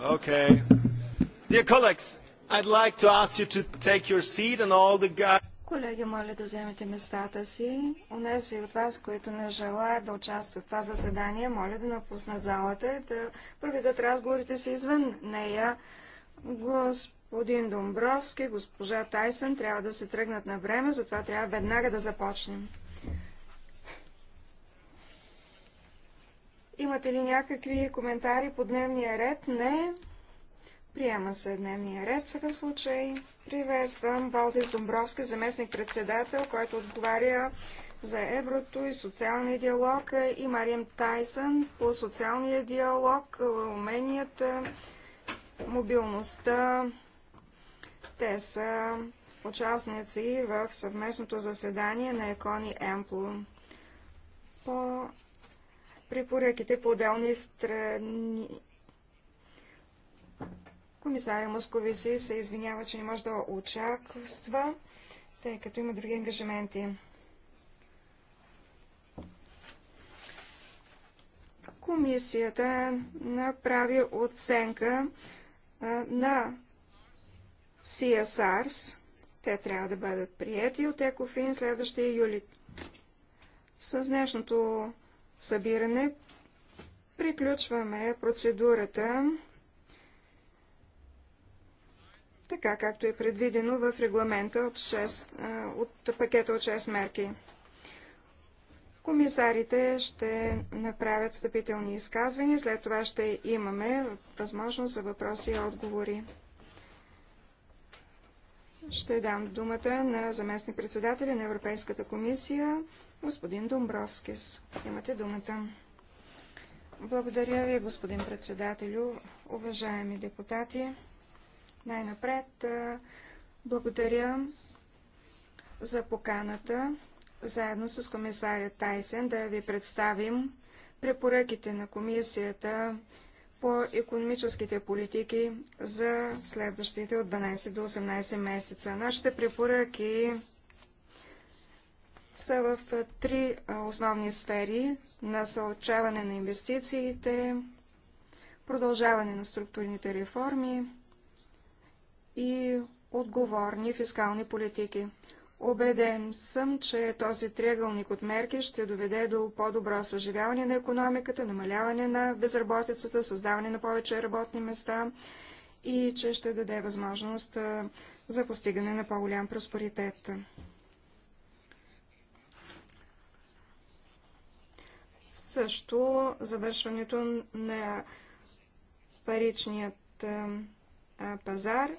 Okay. Dear colleagues, I'd like to ask you to take your seat and all the guys... Колеги, моля да вземете местата си. Унези от вас, които не желаят да участват в това заседание, моля да напуснат залата и да проведат разговорите си извън нея. Господин Домбровски, госпожа Тайсън трябва да се тръгнат на време, затова трябва веднага да започнем. Имате ли някакви коментари по дневния ред? Не. Приема се дневния ред в такъв случай. Приветствам Валдис Домбровски, заместник-председател, който отговаря за еврото и социалния диалог и Мариям Тайсън по социалния диалог, уменията, мобилността. Те са участници в съвместното заседание на Екони Емпл. По препоръките по отделни страни. Комисаря Московиси се извинява, че не може да очаква, тъй като има други ангажименти. Комисията направи оценка на CSRs. Те трябва да бъдат приети от Екофин следващия юли. С днешното събиране. Приключваме процедурата така както е предвидено в регламента от, 6, от пакета от 6 мерки. Комисарите ще направят встъпителни изказвания, след това ще имаме възможност за въпроси и отговори. Ще дам думата на заместник председателя на Европейската комисия, господин Домбровскис. Имате думата. Благодаря ви, господин председателю, уважаеми депутати. Най-напред благодаря за поканата, заедно с комисаря Тайсен, да ви представим препоръките на комисията по економическите политики за следващите от 12 до 18 месеца. Нашите препоръки са в три основни сфери – на съобщаване на инвестициите, продължаване на структурните реформи и отговорни фискални политики. Обеден съм, че този триъгълник от мерки ще доведе до по-добро съживяване на економиката, намаляване на безработицата, създаване на повече работни места и че ще даде възможност за постигане на по-голям проспоритет. Също завършването на паричният пазар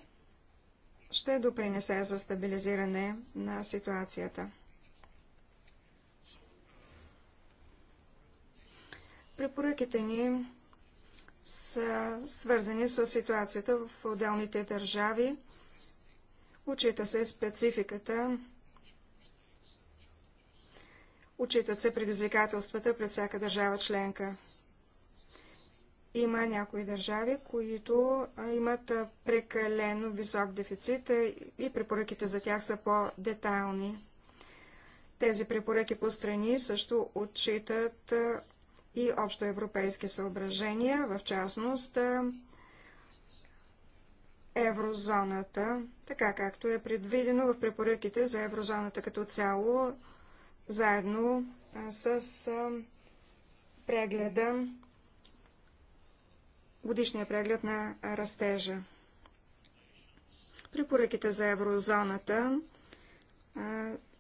ще допринесе за стабилизиране на ситуацията. Препоръките ни са свързани с ситуацията в отделните държави. Учита се спецификата, учитат се предизвикателствата пред всяка държава членка. Има някои държави, които имат прекалено висок дефицит и препоръките за тях са по-детайлни. Тези препоръки по страни също отчитат и общоевропейски съображения, в частност еврозоната, така както е предвидено в препоръките за еврозоната като цяло, заедно с прегледа годишния преглед на растежа. Препоръките за еврозоната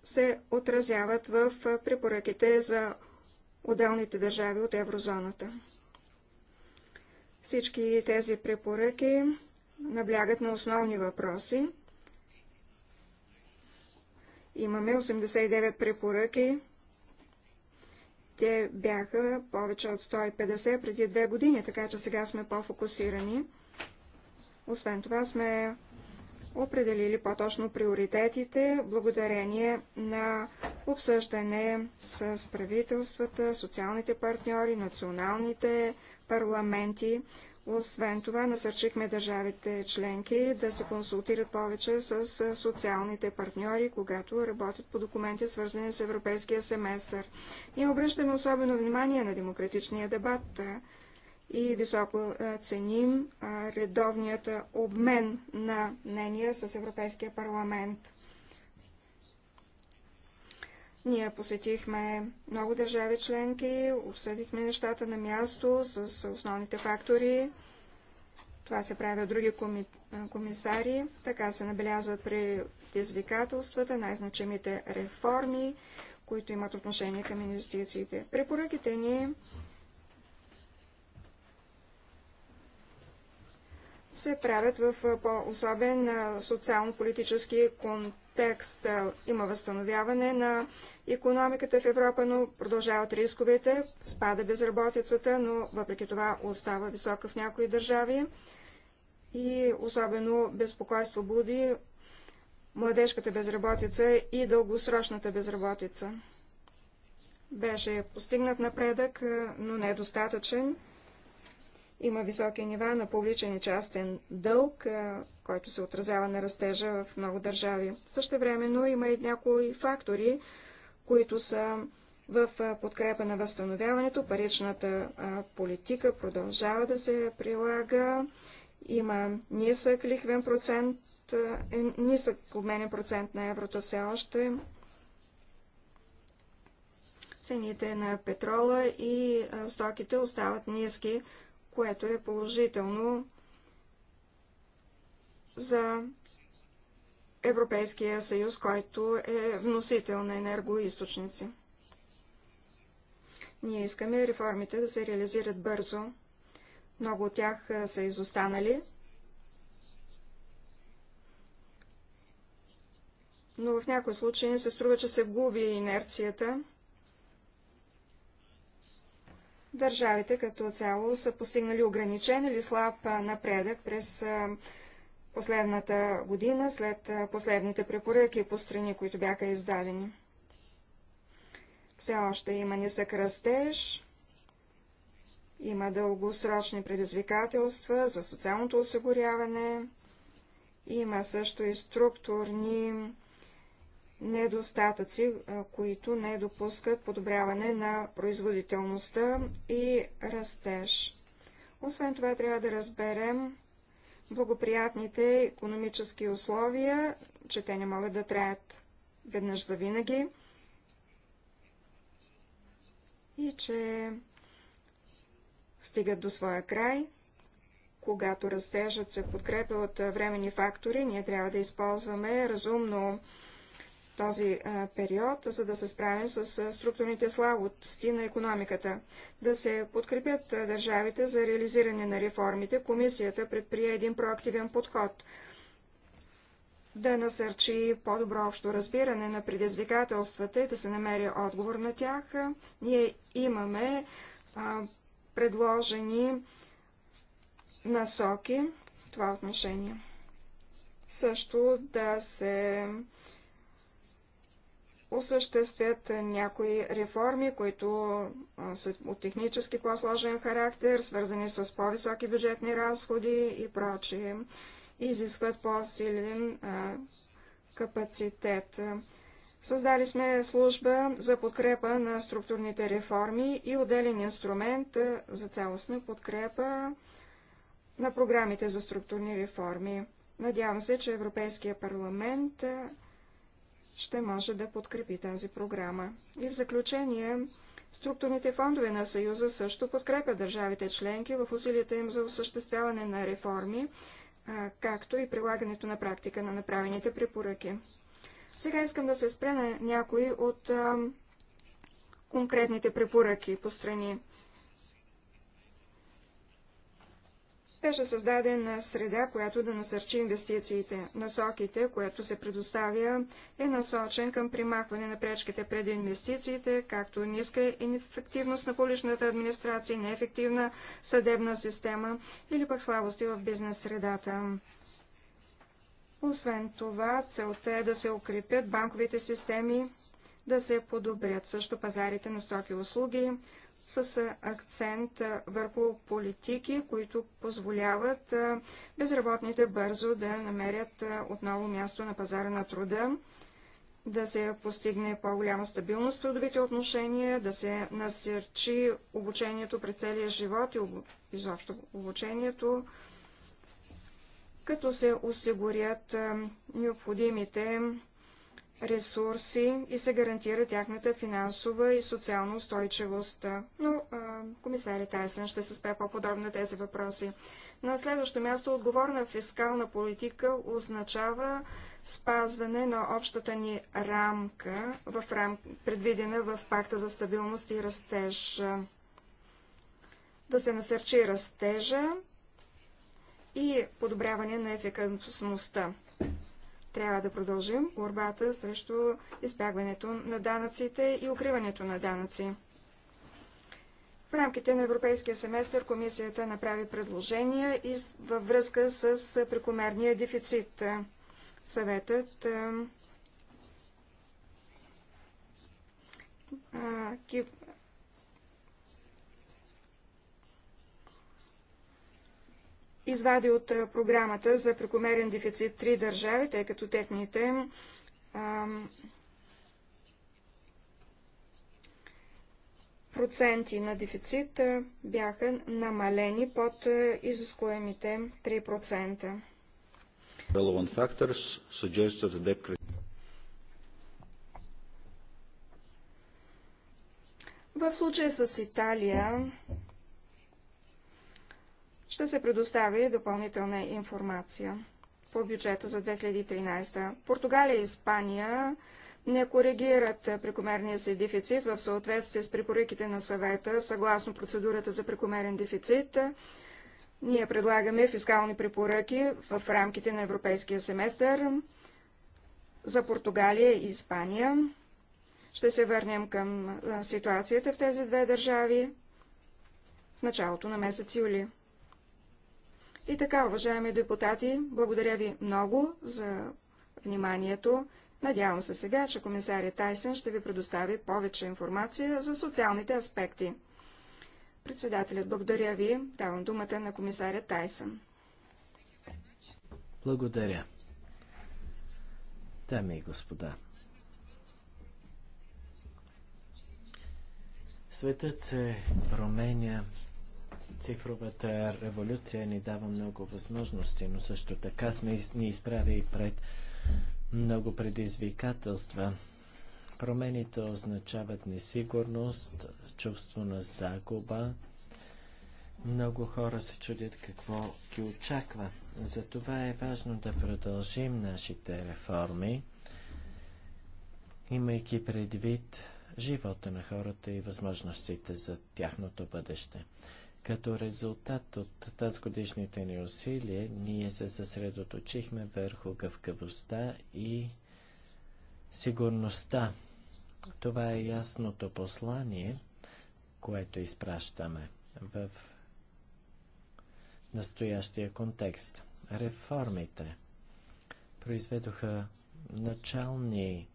се отразяват в препоръките за отделните държави от еврозоната. Всички тези препоръки наблягат на основни въпроси. Имаме 89 препоръки те бяха повече от 150 преди две години, така че сега сме по-фокусирани. Освен това сме определили по-точно приоритетите, благодарение на обсъждане с правителствата, социалните партньори, националните парламенти. Освен това, насърчихме държавите членки да се консултират повече с социалните партньори, когато работят по документи, свързани с европейския семестър. и обръщаме особено внимание на демократичния дебат и високо ценим редовният обмен на мнения с Европейския парламент. Ние посетихме много държави членки, обсъдихме нещата на място с основните фактори. Това се прави от други коми... комисари. Така се набелязват предизвикателствата, най-значимите реформи, които имат отношение към инвестициите. Препоръките ни се правят в по-особен социално-политически контекст текст. Има възстановяване на економиката в Европа, но продължават рисковете, спада безработицата, но въпреки това остава висока в някои държави. И особено безпокойство буди младежката безработица и дългосрочната безработица. Беше постигнат напредък, но недостатъчен. Е има високи нива на публичен и частен дълг, който се отразява на растежа в много държави. Също времено има и някои фактори, които са в подкрепа на възстановяването. Паричната политика продължава да се прилага. Има нисък лихвен процент, е, нисък обменен процент на еврото все още. Цените на петрола и стоките остават ниски, което е положително за Европейския съюз, който е вносител на енергоисточници. Ние искаме реформите да се реализират бързо. Много от тях са изостанали. Но в някои случаи се струва, че се губи инерцията държавите като цяло са постигнали ограничен или слаб напредък през последната година, след последните препоръки по страни, които бяха издадени. Все още има нисък растеж, има дългосрочни предизвикателства за социалното осигуряване, има също и структурни недостатъци, които не допускат подобряване на производителността и растеж. Освен това, трябва да разберем благоприятните економически условия, че те не могат да траят веднъж за винаги и че стигат до своя край. Когато растежът се подкрепя от времени фактори, ние трябва да използваме разумно този период, за да се справим с структурните слабости на економиката. Да се подкрепят държавите за реализиране на реформите, комисията предприе един проактивен подход да насърчи по-добро общо разбиране на предизвикателствата и да се намери отговор на тях. Ние имаме предложени насоки в това отношение. Също да се осъществят някои реформи, които са от технически по-сложен характер, свързани с по-високи бюджетни разходи и прочие, изискват по-силен капацитет. Създали сме служба за подкрепа на структурните реформи и отделен инструмент за цялостна подкрепа на програмите за структурни реформи. Надявам се, че Европейския парламент ще може да подкрепи тази програма. И в заключение, структурните фондове на Съюза също подкрепят държавите членки в усилията им за осъществяване на реформи, както и прилагането на практика на направените препоръки. Сега искам да се спре на някои от конкретните препоръки по страни. Беше създадена среда, която да насърчи инвестициите. Насоките, което се предоставя, е насочен към примахване на пречките пред инвестициите, както ниска инефективност на публичната администрация, неефективна съдебна система или пък слабости в бизнес средата. Освен това, целта е да се укрепят банковите системи, да се подобрят също пазарите на стоки и услуги, с акцент върху политики, които позволяват безработните бързо да намерят отново място на пазара на труда, да се постигне по-голяма стабилност в трудовите отношения, да се насърчи обучението през целия живот и изобщо обучението, като се осигурят необходимите ресурси и се гарантира тяхната финансова и социална устойчивост. Но а, комисари Тайсен ще се спе по-подробно на тези въпроси. На следващо място отговорна фискална политика означава спазване на общата ни рамка, в рам... предвидена в Пакта за стабилност и растеж. Да се насърчи растежа и подобряване на ефикасността. Трябва да продължим борбата срещу избягването на данъците и укриването на данъци. В рамките на Европейския семестър комисията направи предложения и във връзка с прекомерния дефицит. Съветът а, извади от програмата за прекомерен дефицит три държави, тъй като техните проценти на дефицит бяха намалени под изискуемите 3%. В случая с Италия ще се предоставя и допълнителна информация по бюджета за 2013. Португалия и Испания не коригират прекомерния си дефицит в съответствие с препоръките на съвета, съгласно процедурата за прекомерен дефицит. Ние предлагаме фискални препоръки в рамките на европейския семестър за Португалия и Испания. Ще се върнем към ситуацията в тези две държави в началото на месец юли. И така, уважаеми депутати, благодаря ви много за вниманието. Надявам се сега, че комисарият Тайсън ще ви предостави повече информация за социалните аспекти. Председателят, благодаря ви. Давам думата на комисаря Тайсън. Благодаря. Дами и господа, светът се променя цифровата революция ни дава много възможности, но също така сме ни изправи и пред много предизвикателства. Промените означават несигурност, чувство на загуба. Много хора се чудят какво ги очаква. Затова е важно да продължим нашите реформи, имайки предвид живота на хората и възможностите за тяхното бъдеще. Като резултат от тази годишните ни усилия, ние се съсредоточихме върху гъвкавостта и сигурността. Това е ясното послание, което изпращаме в настоящия контекст. Реформите произведоха начални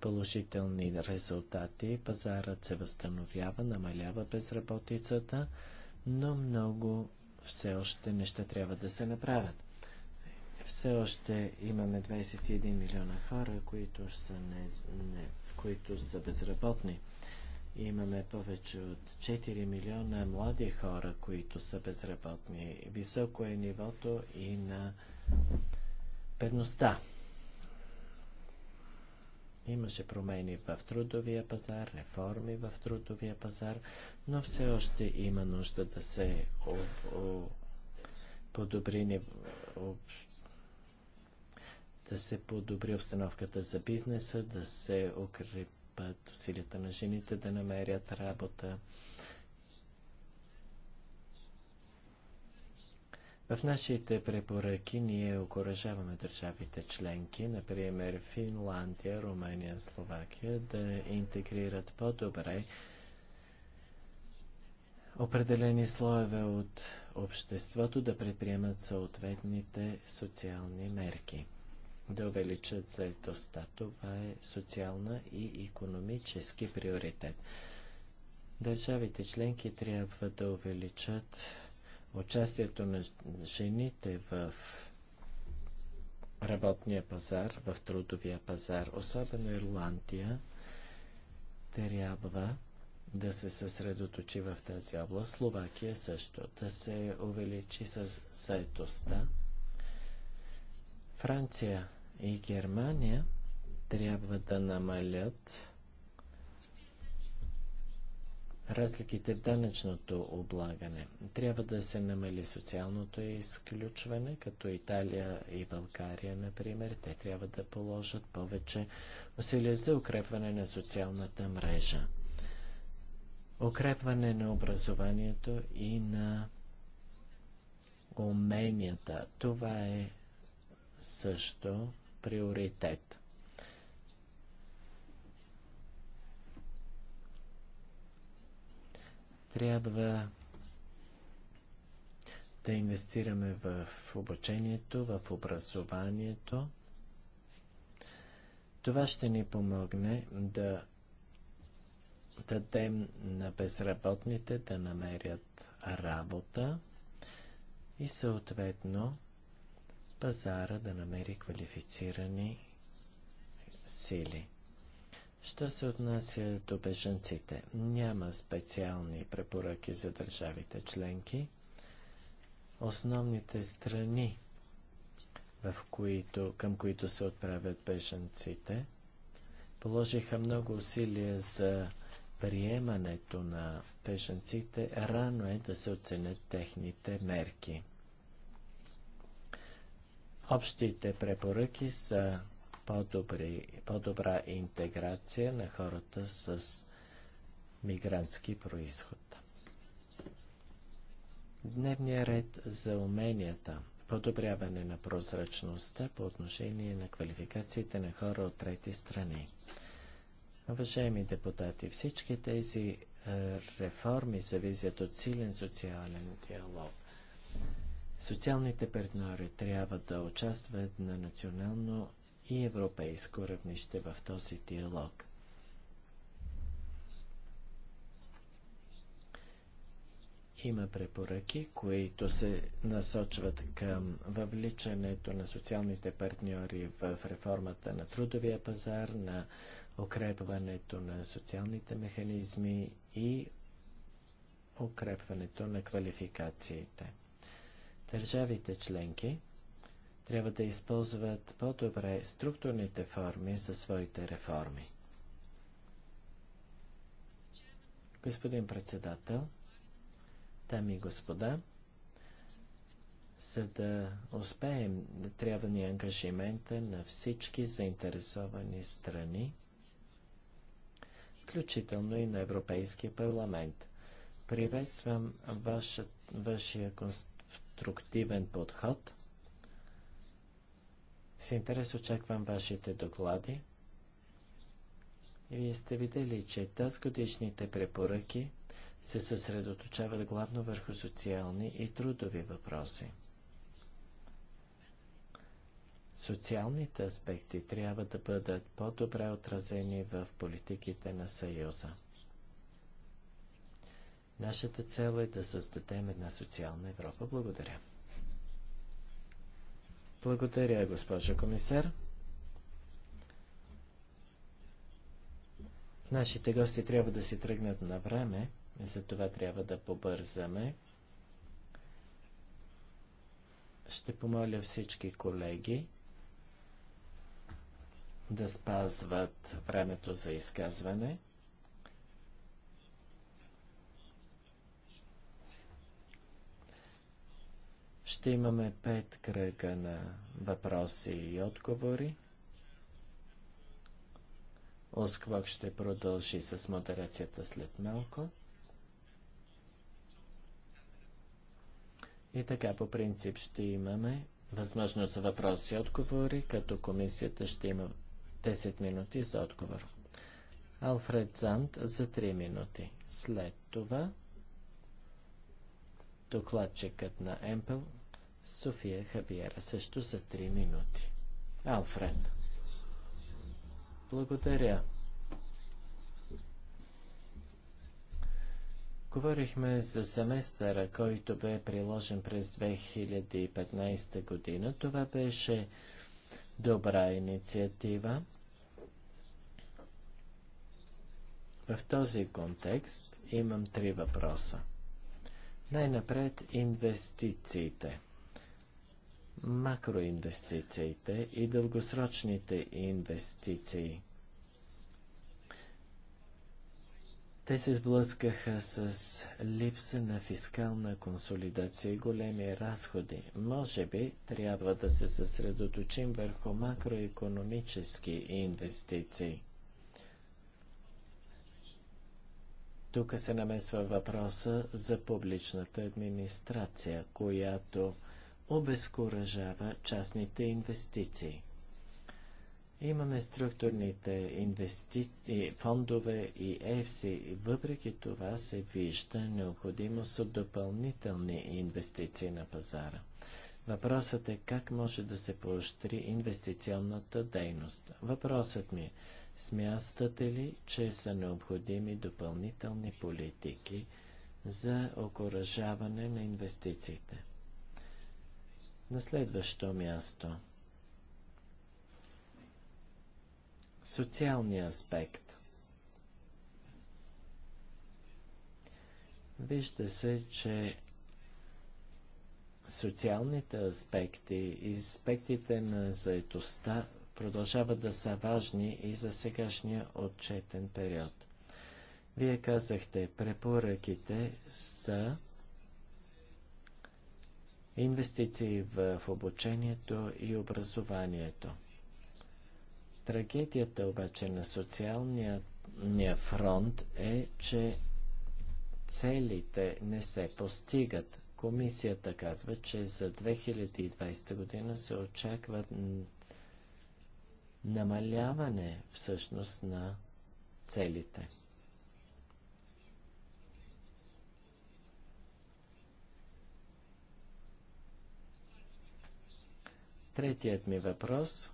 положителни резултати, пазарът се възстановява, намалява безработицата, но много все още неща трябва да се направят. Все още имаме 21 милиона хора, които са, не, не, които са безработни. И имаме повече от 4 милиона млади хора, които са безработни. Високо е нивото и на бедността. Имаше промени в трудовия пазар, реформи в трудовия пазар, но все още има нужда да се подобри да се подобри обстановката за бизнеса, да се укрепят усилията на жените да намерят работа. В нашите препоръки ние окоръжаваме държавите членки, например Финландия, Румъния, Словакия, да интегрират по-добре определени слоеве от обществото да предприемат съответните социални мерки, да увеличат заедостта. Това е социална и економически приоритет. Държавите членки трябва да увеличат Участието на жените в работния пазар, в трудовия пазар, особено Ирландия, трябва да се съсредоточи в тази област. Словакия също. Да се увеличи с заетостта. Франция и Германия трябва да намалят разликите в данъчното облагане. Трябва да се намали социалното изключване, като Италия и България, например. Те трябва да положат повече усилия за укрепване на социалната мрежа. Укрепване на образованието и на уменията. Това е също приоритет. Трябва да инвестираме в обучението, в образованието. Това ще ни помогне да дадем на безработните да намерят работа и съответно пазара да намери квалифицирани сили. Що се отнася до бежанците, няма специални препоръки за държавите членки. Основните страни, в които, към които се отправят бежанците, положиха много усилия за приемането на бежанците. Рано е да се оценят техните мерки. Общите препоръки са по-добра интеграция на хората с мигрантски происход. Дневния ред за уменията подобряване на прозрачността по отношение на квалификациите на хора от трети страни. Уважаеми депутати, всички тези е, реформи зависят от силен социален диалог. Социалните партньори трябва да участват на национално и европейско равнище в този диалог. Има препоръки, които се насочват към въвличането на социалните партньори в реформата на трудовия пазар, на укрепването на социалните механизми и укрепването на квалификациите. Държавите членки трябва да използват по-добре структурните форми за своите реформи. Господин председател, дами и господа, за да успеем, трябва ни ангажимента на всички заинтересовани страни, включително и на Европейския парламент. Приветствам вашия конструктивен подход – с интерес очаквам вашите доклади. Вие сте видели, че тази годишните препоръки се съсредоточават главно върху социални и трудови въпроси. Социалните аспекти трябва да бъдат по-добре отразени в политиките на Съюза. Нашата цел е да създадем една социална Европа. Благодаря. Благодаря, госпожо комисар. Нашите гости трябва да си тръгнат на време, затова трябва да побързаме. Ще помоля всички колеги да спазват времето за изказване. Ще имаме пет кръга на въпроси и отговори. Осквок ще продължи с модерацията след малко. И така по принцип ще имаме възможност за въпроси и отговори, като комисията ще има 10 минути за отговор. Алфред Зант за 3 минути. След това докладчикът на Емпел София Хабиера също за 3 минути. Алфред. Благодаря. Говорихме за семестъра, който бе приложен през 2015 година. Това беше добра инициатива. В този контекст имам три въпроса. Най-напред инвестициите – макроинвестициите и дългосрочните инвестиции. Те се сблъскаха с липса на фискална консолидация и големи разходи. Може би трябва да се съсредоточим върху макроекономически инвестиции. Тук се намесва въпроса за публичната администрация, която обезкуражава частните инвестиции. Имаме структурните инвестиции, фондове и ЕФСИ. Въпреки това се вижда необходимост от допълнителни инвестиции на пазара. Въпросът е как може да се поощри инвестиционната дейност. Въпросът ми е, смятате ли, че са необходими допълнителни политики за окоръжаване на инвестициите? На следващо място. Социалния аспект. Вижте се, че социалните аспекти и аспектите на заетостта продължават да са важни и за сегашния отчетен период. Вие казахте, препоръките са инвестиции в обучението и образованието. Трагедията обаче на социалния фронт е, че целите не се постигат. Комисията казва, че за 2020 година се очаква намаляване всъщност на целите. Третият ми въпрос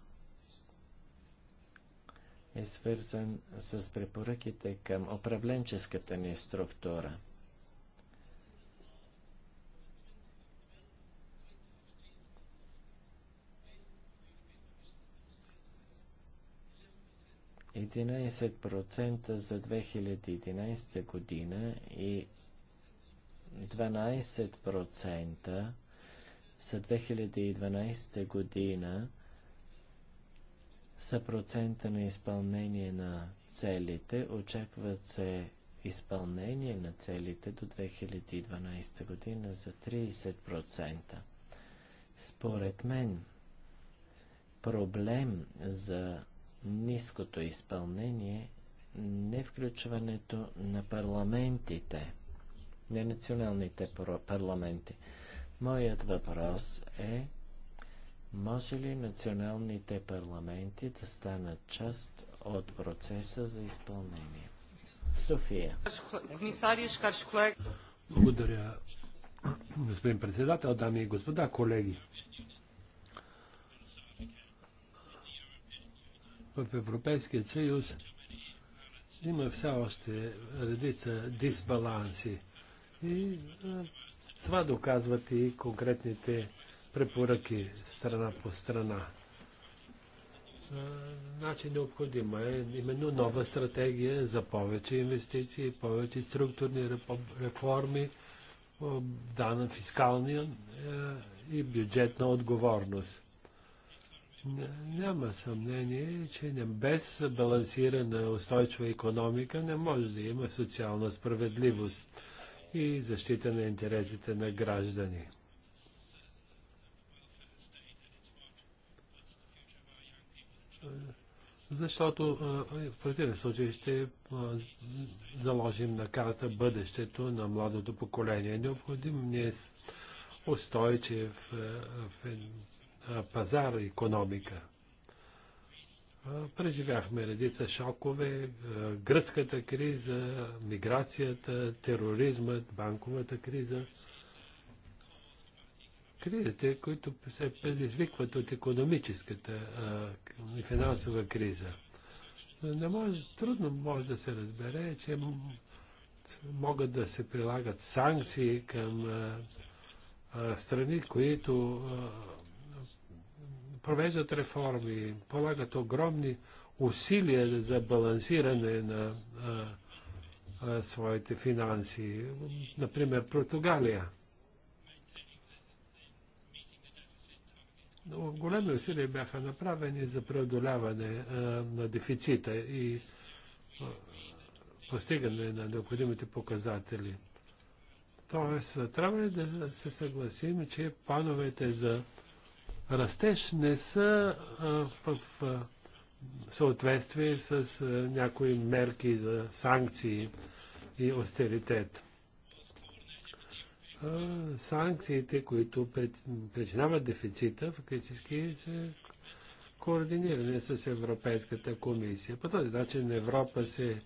е свързан с препоръките към управленческата ни структура. процента за 2011 година и 12% за 2012 година са процента на изпълнение на целите. Очакват се изпълнение на целите до 2012 година за 30%. Според мен, проблем за ниското изпълнение не включването на парламентите, на националните парламенти. Моят въпрос е, може ли националните парламенти да станат част от процеса за изпълнение? София. Благодаря, господин председател, дами и господа, колеги. В Европейския съюз има все още редица дисбаланси. И това доказват и конкретните препоръки страна по страна. Значи необходима е именно нова стратегия за повече инвестиции, повече структурни реформи, дана фискалния и бюджетна отговорност. Няма съмнение, че без балансирана устойчива економика не може да има социална справедливост и защита на интересите на граждани. Защото в противен случай ще заложим на карта бъдещето на младото поколение. Необходим ни е устойчив пазар и економика. Преживяхме редица шокове, гръцката криза, миграцията, тероризмът, банковата криза. Кризите, които се предизвикват от економическата и финансова криза. Не може, трудно може да се разбере, че могат да се прилагат санкции към а, а, страни, които а, провеждат реформи, полагат огромни усилия за балансиране на а, а, своите финанси. Например, Португалия. Но големи усилия бяха направени за преодоляване а, на дефицита и а, постигане на необходимите показатели. Тоест, трябва ли да се съгласим, че плановете за растеж не са в съответствие с някои мерки за санкции и austeritet. Санкциите, които причиняват дефицита, фактически се координирани с Европейската комисия. По този начин Европа се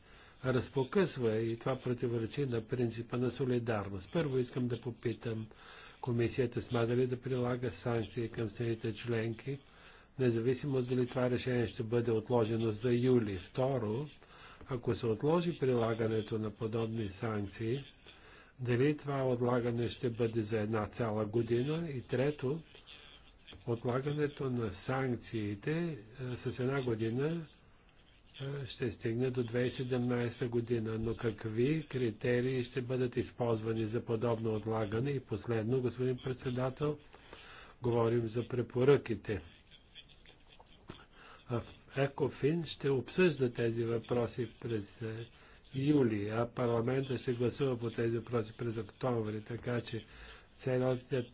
разпокъсва и това противоречи на принципа на солидарност. Първо искам да попитам Комисията смята ли да прилага санкции към страните членки, независимо дали това решение ще бъде отложено за юли. Второ, ако се отложи прилагането на подобни санкции, дали това отлагане ще бъде за една цяла година? И трето, отлагането на санкциите с една година ще стигне до 2017 година, но какви критерии ще бъдат използвани за подобно отлагане? И последно, господин председател, говорим за препоръките. Екофин ще обсъжда тези въпроси през е, юли, а парламента ще гласува по тези въпроси през октомври, така че целият е,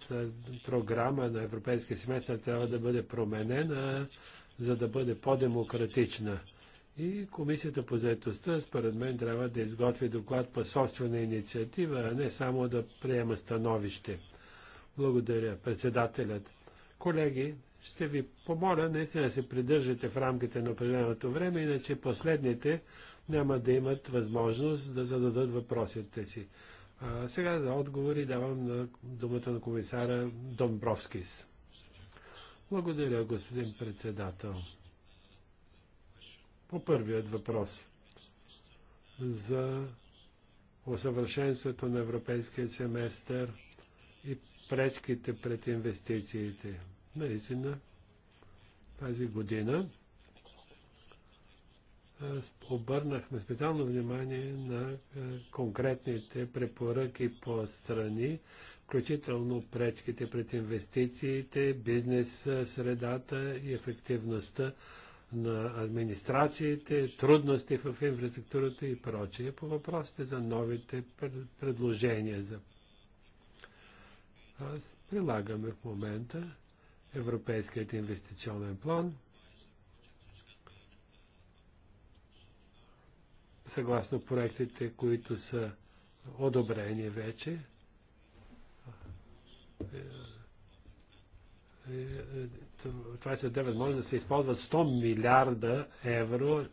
програма на Европейския семестър трябва да бъде променена, за да бъде по-демократична. И Комисията по заедостта, според мен, трябва да изготви доклад по собствена инициатива, а не само да приема становище. Благодаря, председателят. Колеги, ще ви помоля наистина да се придържате в рамките на определеното време, иначе последните няма да имат възможност да зададат въпросите си. А, сега за отговори давам на думата на комисара Домбровскис. Благодаря, господин председател. По първият въпрос за усъвършенството на европейския семестър и пречките пред инвестициите. Наистина, тази година обърнахме специално внимание на конкретните препоръки по страни, включително пречките пред инвестициите, бизнес средата и ефективността на администрациите, трудности в инфраструктурата и прочее, по въпросите за новите предложения за Аз прилагаме в момента Европейският инвестиционен план, съгласно проектите, които са одобрени вече това е може да се използват 100 милиарда евро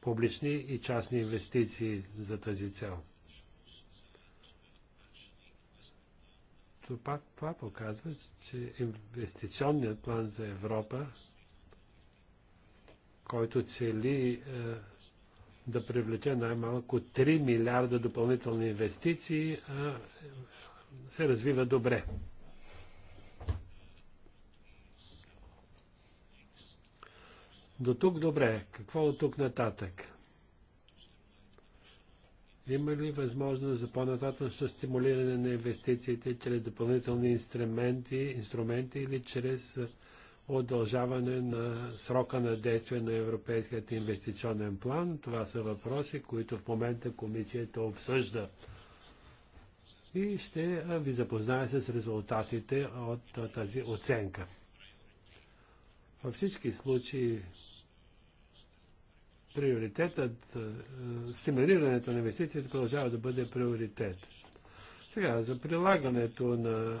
публични и частни инвестиции за тази цел. Това, това показва, че инвестиционният план за Европа, който цели е, да привлече най-малко 3 милиарда допълнителни инвестиции, е, се развива добре. До тук добре. Какво от тук нататък? Има ли възможност за по-нататъчно стимулиране на инвестициите чрез допълнителни инструменти, инструменти или чрез удължаване на срока на действие на Европейският инвестиционен план? Това са въпроси, които в момента комисията обсъжда. И ще ви запозная с резултатите от тази оценка. Във всички случаи приоритетът, е, стимулирането на инвестициите продължава да бъде приоритет. Сега, за прилагането на е,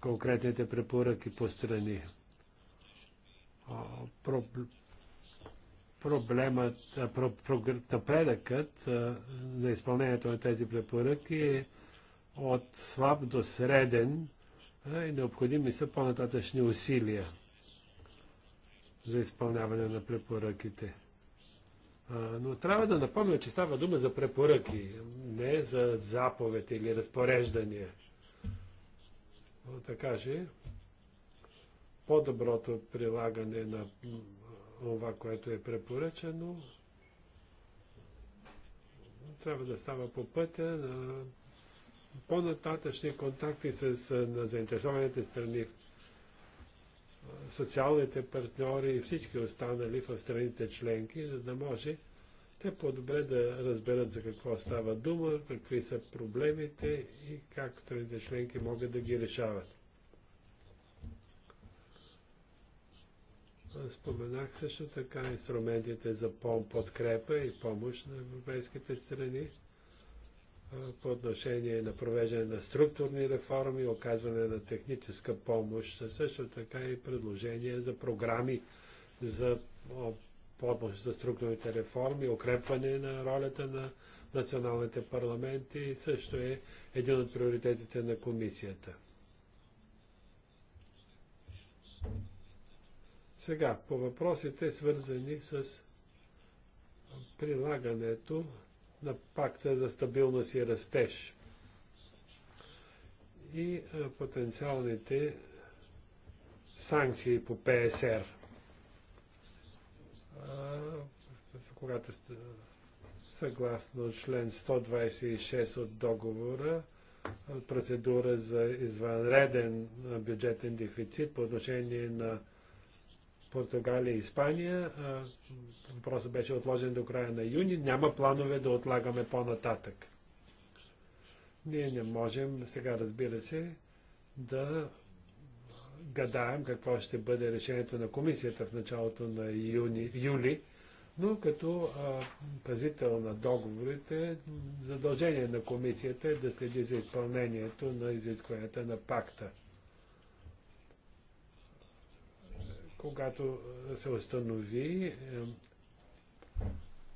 конкретните препоръки по страни. Проблемът, е, напредъкът на изпълнението на тези препоръки е от слаб до среден и необходими са по-нататъчни усилия за изпълняване на препоръките. А, но трябва да напомня, че става дума за препоръки, не за заповед или разпореждания. Но, така че, по-доброто прилагане на това, което е препоръчено, трябва да става по пътя на по-нататъчни контакти с на заинтересованите страни социалните партньори и всички останали в страните членки, за да може те по-добре да разберат за какво става дума, какви са проблемите и как страните членки могат да ги решават. Споменах също така инструментите за подкрепа и помощ на европейските страни по отношение на провеждане на структурни реформи, оказване на техническа помощ, също така и предложения за програми за помощ за структурните реформи, укрепване на ролята на националните парламенти и също е един от приоритетите на комисията. Сега, по въпросите свързани с прилагането на пакта за стабилност и растеж и е, потенциалните санкции по ПСР. Е, когато е, съгласно член 126 от договора, процедура за извънреден бюджетен дефицит по отношение на Португалия и Испания. Въпросът беше отложен до края на юни. Няма планове да отлагаме по-нататък. Ние не можем сега, разбира се, да гадаем какво ще бъде решението на комисията в началото на юни, юли, но като а, пазител на договорите, задължение на комисията е да следи за изпълнението на изискванията на пакта. когато се установи е,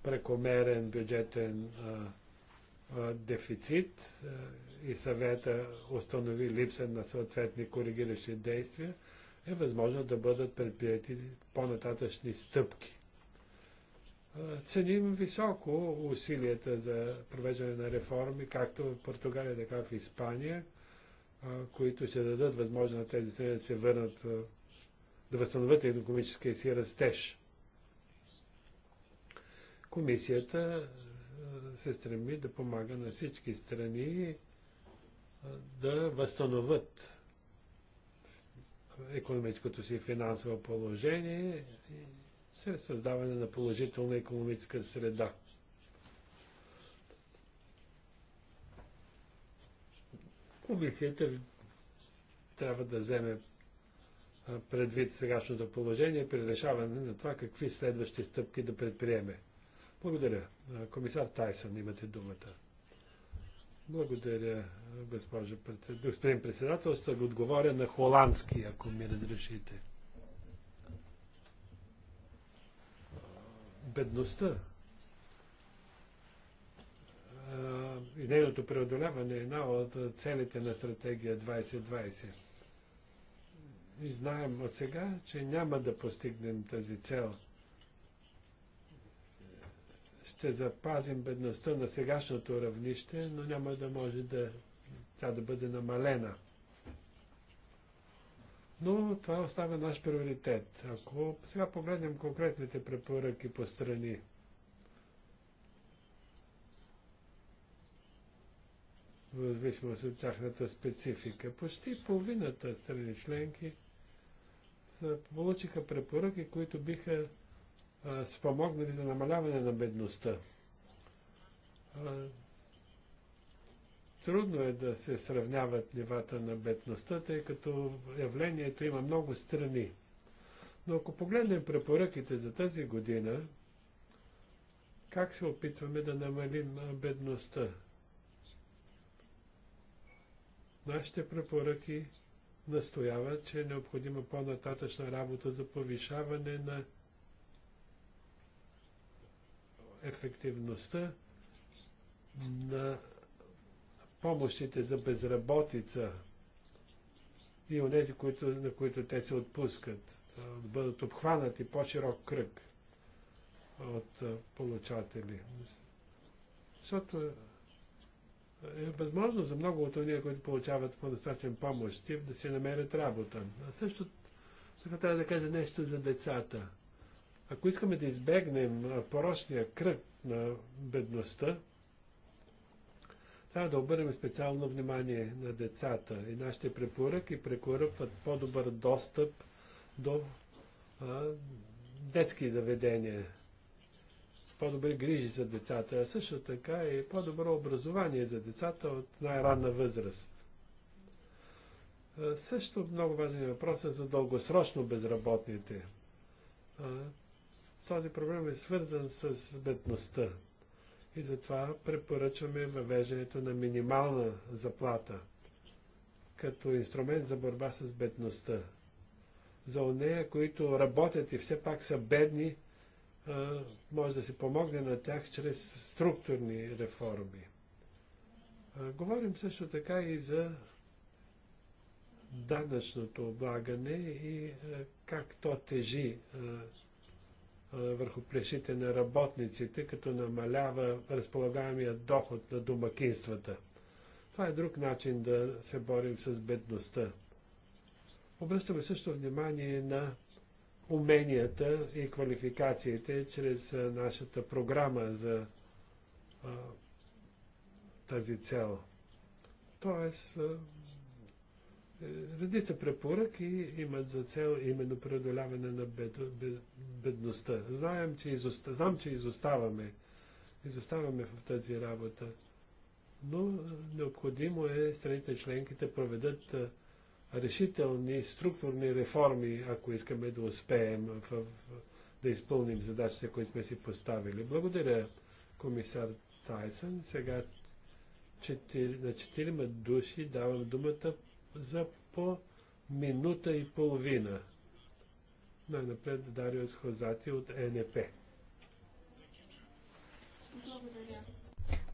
прекомерен бюджетен дефицит е, и съвета установи липса на съответни коригиращи действия, е възможно да бъдат предприяти по-нататъчни стъпки. Ценим високо усилията за провеждане на реформи, както в Португалия, така в Испания, които ще дадат възможност на тези страни да се върнат да възстановят економическия си растеж. Комисията се стреми да помага на всички страни да възстановят економическото си финансово положение чрез създаване на положителна економическа среда. Комисията трябва да вземе предвид сегашното положение при решаване на това какви следващи стъпки да предприеме. Благодаря. Комисар Тайсън, имате думата. Благодаря, госпожа председател. господин председател. Ще го отговоря на холандски, ако ми разрешите. Бедността и нейното преодоляване е една от целите на стратегия 2020 и знаем от сега, че няма да постигнем тази цел. Ще запазим бедността на сегашното равнище, но няма да може да, тя да бъде намалена. Но това остава наш приоритет. Ако сега погледнем конкретните препоръки по страни, в зависимост от тяхната специфика. Почти половината страни членки получиха препоръки, които биха спомогнали за намаляване на бедността. трудно е да се сравняват нивата на бедността, тъй като явлението има много страни. Но ако погледнем препоръките за тази година, как се опитваме да намалим бедността? Нашите препоръки настоява, че е необходима по-нататъчна работа за повишаване на ефективността на помощите за безработица и онези, които, на които те се отпускат, да бъдат обхванати по-широк кръг от получатели. Защото е възможно за много от тези, които получават по-достатъчен помощ, да си намерят работа. А също така трябва да кажа нещо за децата. Ако искаме да избегнем порочния кръг на бедността, трябва да обърнем специално внимание на децата и нашите препоръки прекоръпват по-добър достъп до а, детски заведения по-добри грижи за децата, а също така и по-добро образование за децата от най-ранна възраст. също много важен въпрос е за дългосрочно безработните. този проблем е свързан с бедността. И затова препоръчваме въвеждането на минимална заплата като инструмент за борба с бедността. За онея, които работят и все пак са бедни, може да се помогне на тях чрез структурни реформи. Говорим също така и за данъчното облагане и как то тежи върху плешите на работниците, като намалява разполагаемия доход на домакинствата. Това е друг начин да се борим с бедността. Обръщаме също внимание на уменията и квалификациите чрез нашата програма за а, тази цел. Тоест, а, е, редица препоръки имат за цел именно преодоляване на бед, бед, бедността. Знаем, че изоста, знам, че изоставаме. Изоставаме в тази работа. Но необходимо е страните членките проведат решителни структурни реформи, ако искаме да успеем в, в, да изпълним задачите, които сме си поставили. Благодаря, комисар Тайсън. Сега четир, на четирима души давам думата за по минута и половина. Най-напред Дариус Хозати от НП. Благодаря.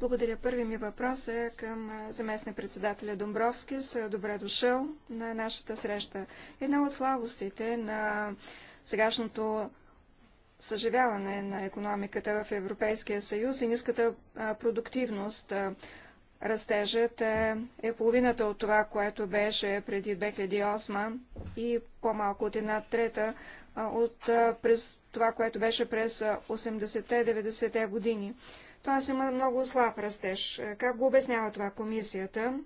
Благодаря. Първи ми въпрос е към заместния председателя Домбровски. С добре дошъл на нашата среща. Една от слабостите на сегашното съживяване на економиката в Европейския съюз и ниската продуктивност. Растежът е, е половината от това, което беше преди 2008 и по-малко от една трета от през това, което беше през 80-те, 90-те години. Тоест има много слаб растеж. Е, как го обяснява това комисията?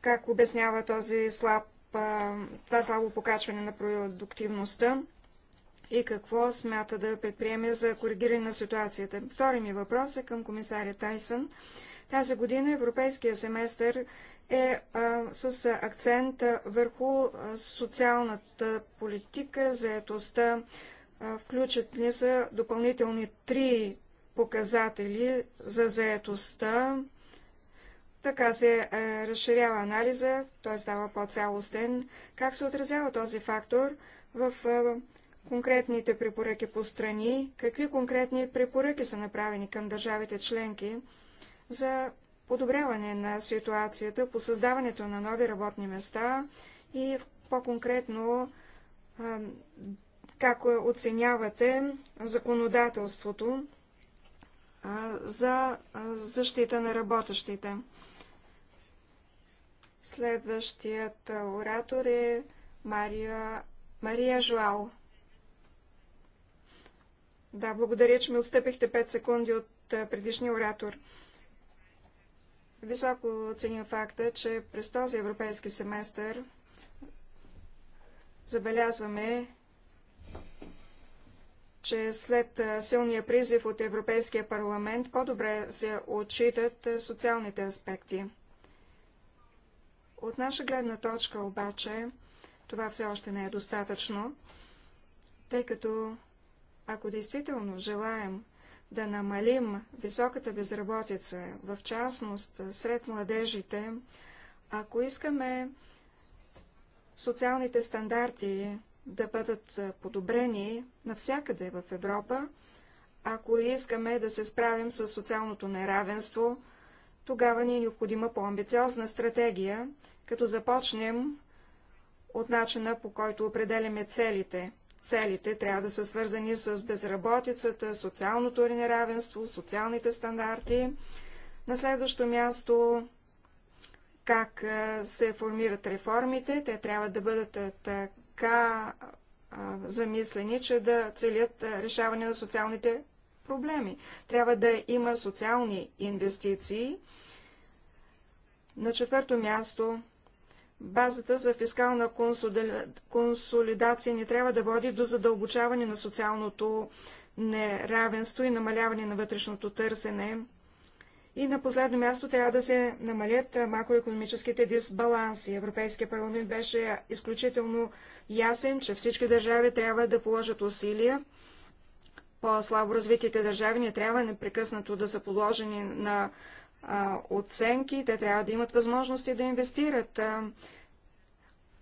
Как обяснява този слаб, това слабо покачване на продуктивността? И какво смята да предприеме за коригиране на ситуацията? Втори ми въпрос е към комисаря Тайсън. Тази година европейския семестър е а, с акцент върху социалната политика, заетостта, включат ли са допълнителни три показатели за заетостта. Така се е, разширява анализа, той става по-цялостен. Как се отразява този фактор в е, конкретните препоръки по страни? Какви конкретни препоръки са направени към държавите членки за подобряване на ситуацията по създаването на нови работни места и по-конкретно е, как оценявате законодателството за защита на работещите. Следващият оратор е Мария, Мария Жуал. Да, благодаря, че ми отстъпихте 5 секунди от предишния оратор. Високо оценя факта, че през този европейски семестър забелязваме че след силния призив от Европейския парламент по-добре се отчитат социалните аспекти. От наша гледна точка обаче това все още не е достатъчно, тъй като ако действително желаем да намалим високата безработица, в частност сред младежите, ако искаме социалните стандарти да бъдат подобрени навсякъде в Европа, ако искаме да се справим с социалното неравенство, тогава ни е необходима по-амбициозна стратегия, като започнем от начина по който определяме целите. Целите трябва да са свързани с безработицата, социалното неравенство, социалните стандарти. На следващо място как се формират реформите. Те трябва да бъдат така замислени, че да целят решаване на социалните проблеми. Трябва да има социални инвестиции. На четвърто място, базата за фискална консолидация не трябва да води до задълбочаване на социалното неравенство и намаляване на вътрешното търсене. И на последно място трябва да се намалят макроекономическите дисбаланси. Европейския парламент беше изключително ясен, че всички държави трябва да положат усилия. По-слабо развитите държави не трябва непрекъснато да са подложени на а, оценки, те трябва да имат възможности да инвестират.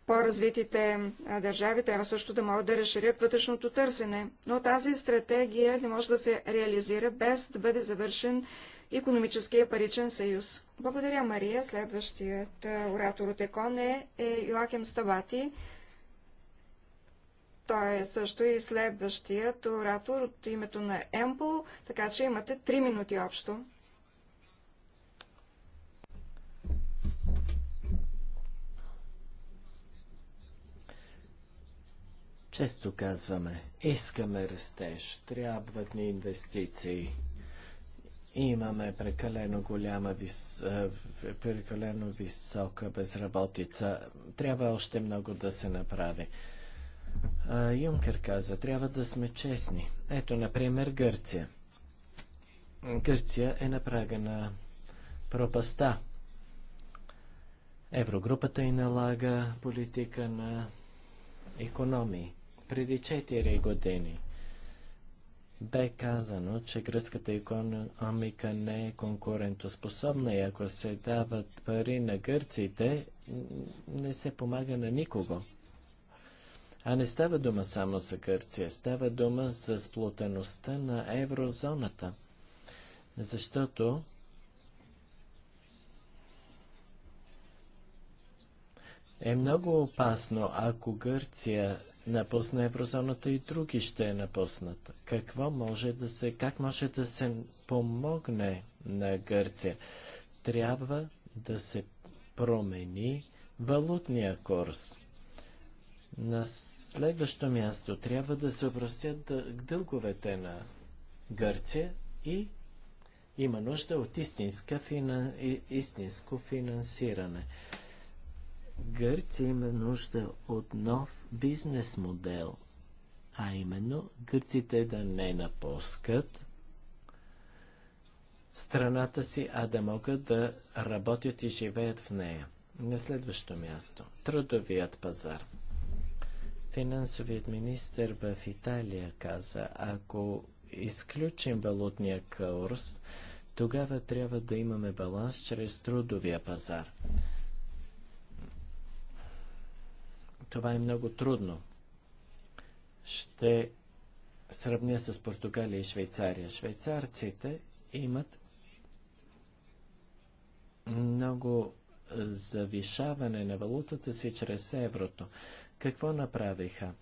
По-развитите държави трябва също да могат да разширят вътрешното търсене. Но тази стратегия не може да се реализира без да бъде завършен економическия паричен съюз. Благодаря, Мария. Следващият е, оратор от ЕКОН е, е Йоахим Ставати. Той е също и следващият оратор от името на Емпл, така че имате 3 минути общо. Често казваме, искаме растеж, трябват ни инвестиции – Имаме прекалено голяма, вис... Е, прекалено висока безработица. Трябва още много да се направи. Юнкер каза, трябва да сме честни. Ето, например, Гърция. Гърция е на прага на пропаста. Еврогрупата и налага политика на економии. Преди 4 години бе казано, че гръцката економика не е конкурентоспособна и ако се дават пари на гърците, не се помага на никого. А не става дума само за Гърция, става дума за сплутеността на еврозоната. Защото е много опасно, ако Гърция напусне еврозоната и други ще е напуснат. Какво може да се, как може да се помогне на Гърция? Трябва да се промени валутния курс. На следващо място трябва да се обрастят дълговете на Гърция и има нужда от истинска, истинско финансиране. Гърция има нужда от нов бизнес модел, а именно гърците да не напускат страната си, а да могат да работят и живеят в нея. На следващо място – трудовият пазар. Финансовият министр в Италия каза, ако изключим валутния курс, тогава трябва да имаме баланс чрез трудовия пазар. Това е много трудно. Ще сравня с Португалия и Швейцария. Швейцарците имат много завишаване на валутата си чрез еврото. Какво направиха?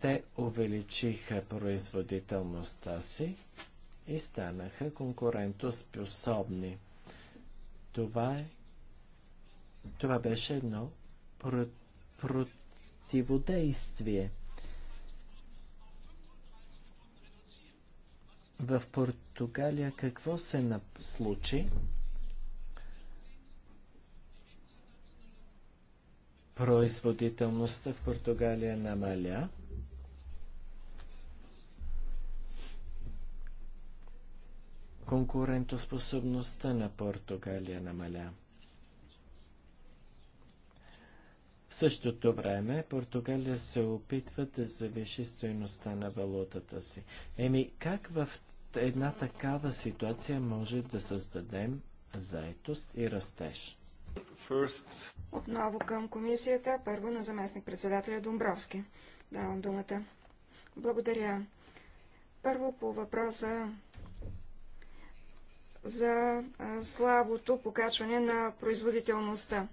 Те увеличиха производителността си и станаха конкурентоспособни. Това е това беше едно противодействие. В Португалия какво се случи? Производителността в Португалия намаля. Конкурентоспособността на Португалия намаля. В същото време Португалия се опитва да завиши стоеността на валутата си. Еми, как в една такава ситуация може да създадем заетост и растеж? First. Отново към комисията, първо на заместник-председателя Домбровски. Давам думата. Благодаря. Първо по въпроса за слабото покачване на производителността.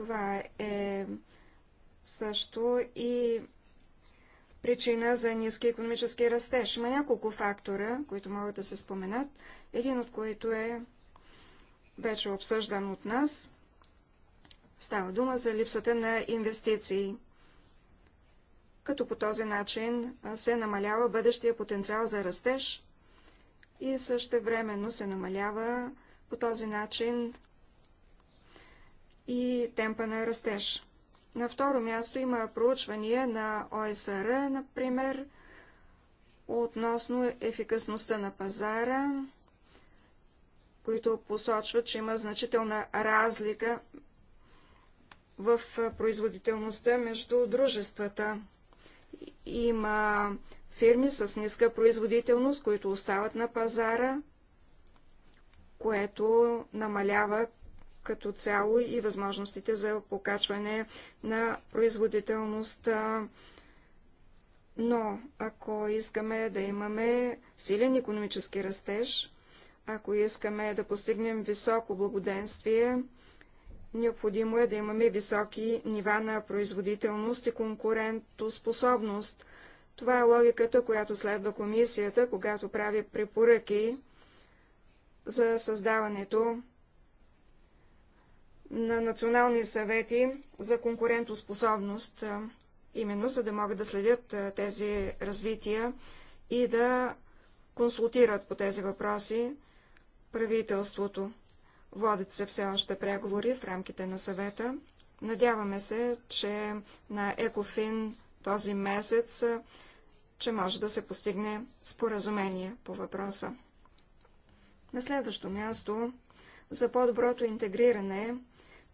Това е също и причина за ниски економически растеж. Има няколко фактора, които могат да се споменат, един от които е вече обсъждан от нас. Става дума за липсата на инвестиции, като по този начин се намалява бъдещия потенциал за растеж и също времено се намалява по този начин и темпа на растеж. На второ място има проучвания на ОСР, например, относно ефикасността на пазара, които посочват, че има значителна разлика в производителността между дружествата. Има фирми с ниска производителност, които остават на пазара, което намалява като цяло и възможностите за покачване на производителността. Но ако искаме да имаме силен економически растеж, ако искаме да постигнем високо благоденствие, необходимо е да имаме високи нива на производителност и конкурентоспособност. Това е логиката, която следва комисията, когато прави препоръки за създаването на национални съвети за конкурентоспособност, именно за да могат да следят тези развития и да консултират по тези въпроси правителството. Водят се все още преговори в рамките на съвета. Надяваме се, че на Екофин този месец, че може да се постигне споразумение по въпроса. На следващо място за по-доброто интегриране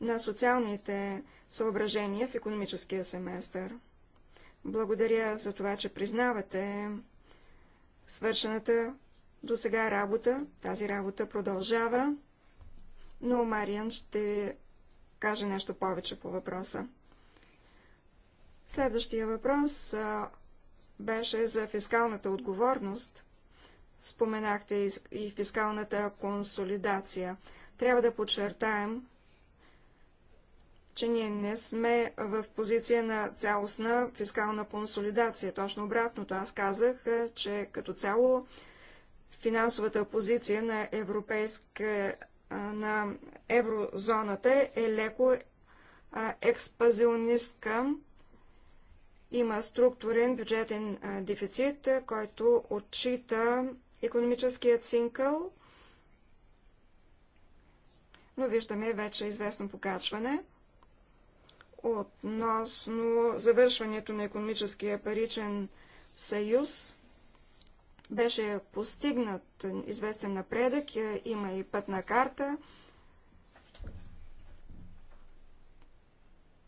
на социалните съображения в економическия семестър. Благодаря за това, че признавате свършената до сега работа. Тази работа продължава, но Мариан ще каже нещо повече по въпроса. Следващия въпрос беше за фискалната отговорност. Споменахте и фискалната консолидация. Трябва да подчертаем, че ние не сме в позиция на цялостна фискална консолидация. Точно обратното, аз казах, е, че като цяло финансовата позиция на европейска е, на еврозоната е леко експазионистка. Има структурен бюджетен дефицит, е, който отчита економическият синкъл, но виждаме вече известно покачване относно завършването на економическия паричен съюз. Беше постигнат известен напредък, е, има и пътна карта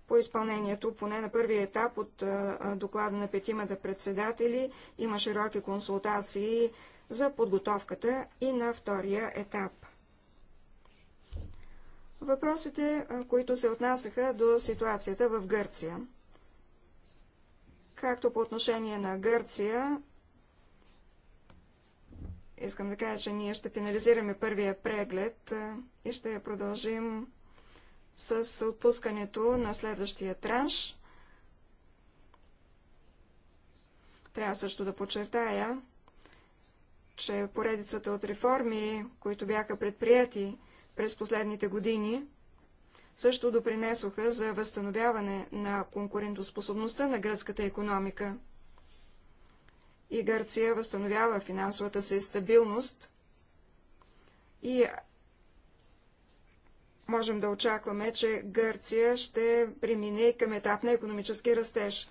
по изпълнението, поне на първия етап от е, доклада на петимата председатели, има широки консултации за подготовката и на втория етап въпросите, които се отнасяха до ситуацията в Гърция. Както по отношение на Гърция, искам да кажа, че ние ще финализираме първия преглед и ще я продължим с отпускането на следващия транш. Трябва също да подчертая, че поредицата от реформи, които бяха предприяти през последните години също допринесоха за възстановяване на конкурентоспособността на гръцката економика. И Гърция възстановява финансовата си стабилност и можем да очакваме, че Гърция ще премине към етап на економически растеж.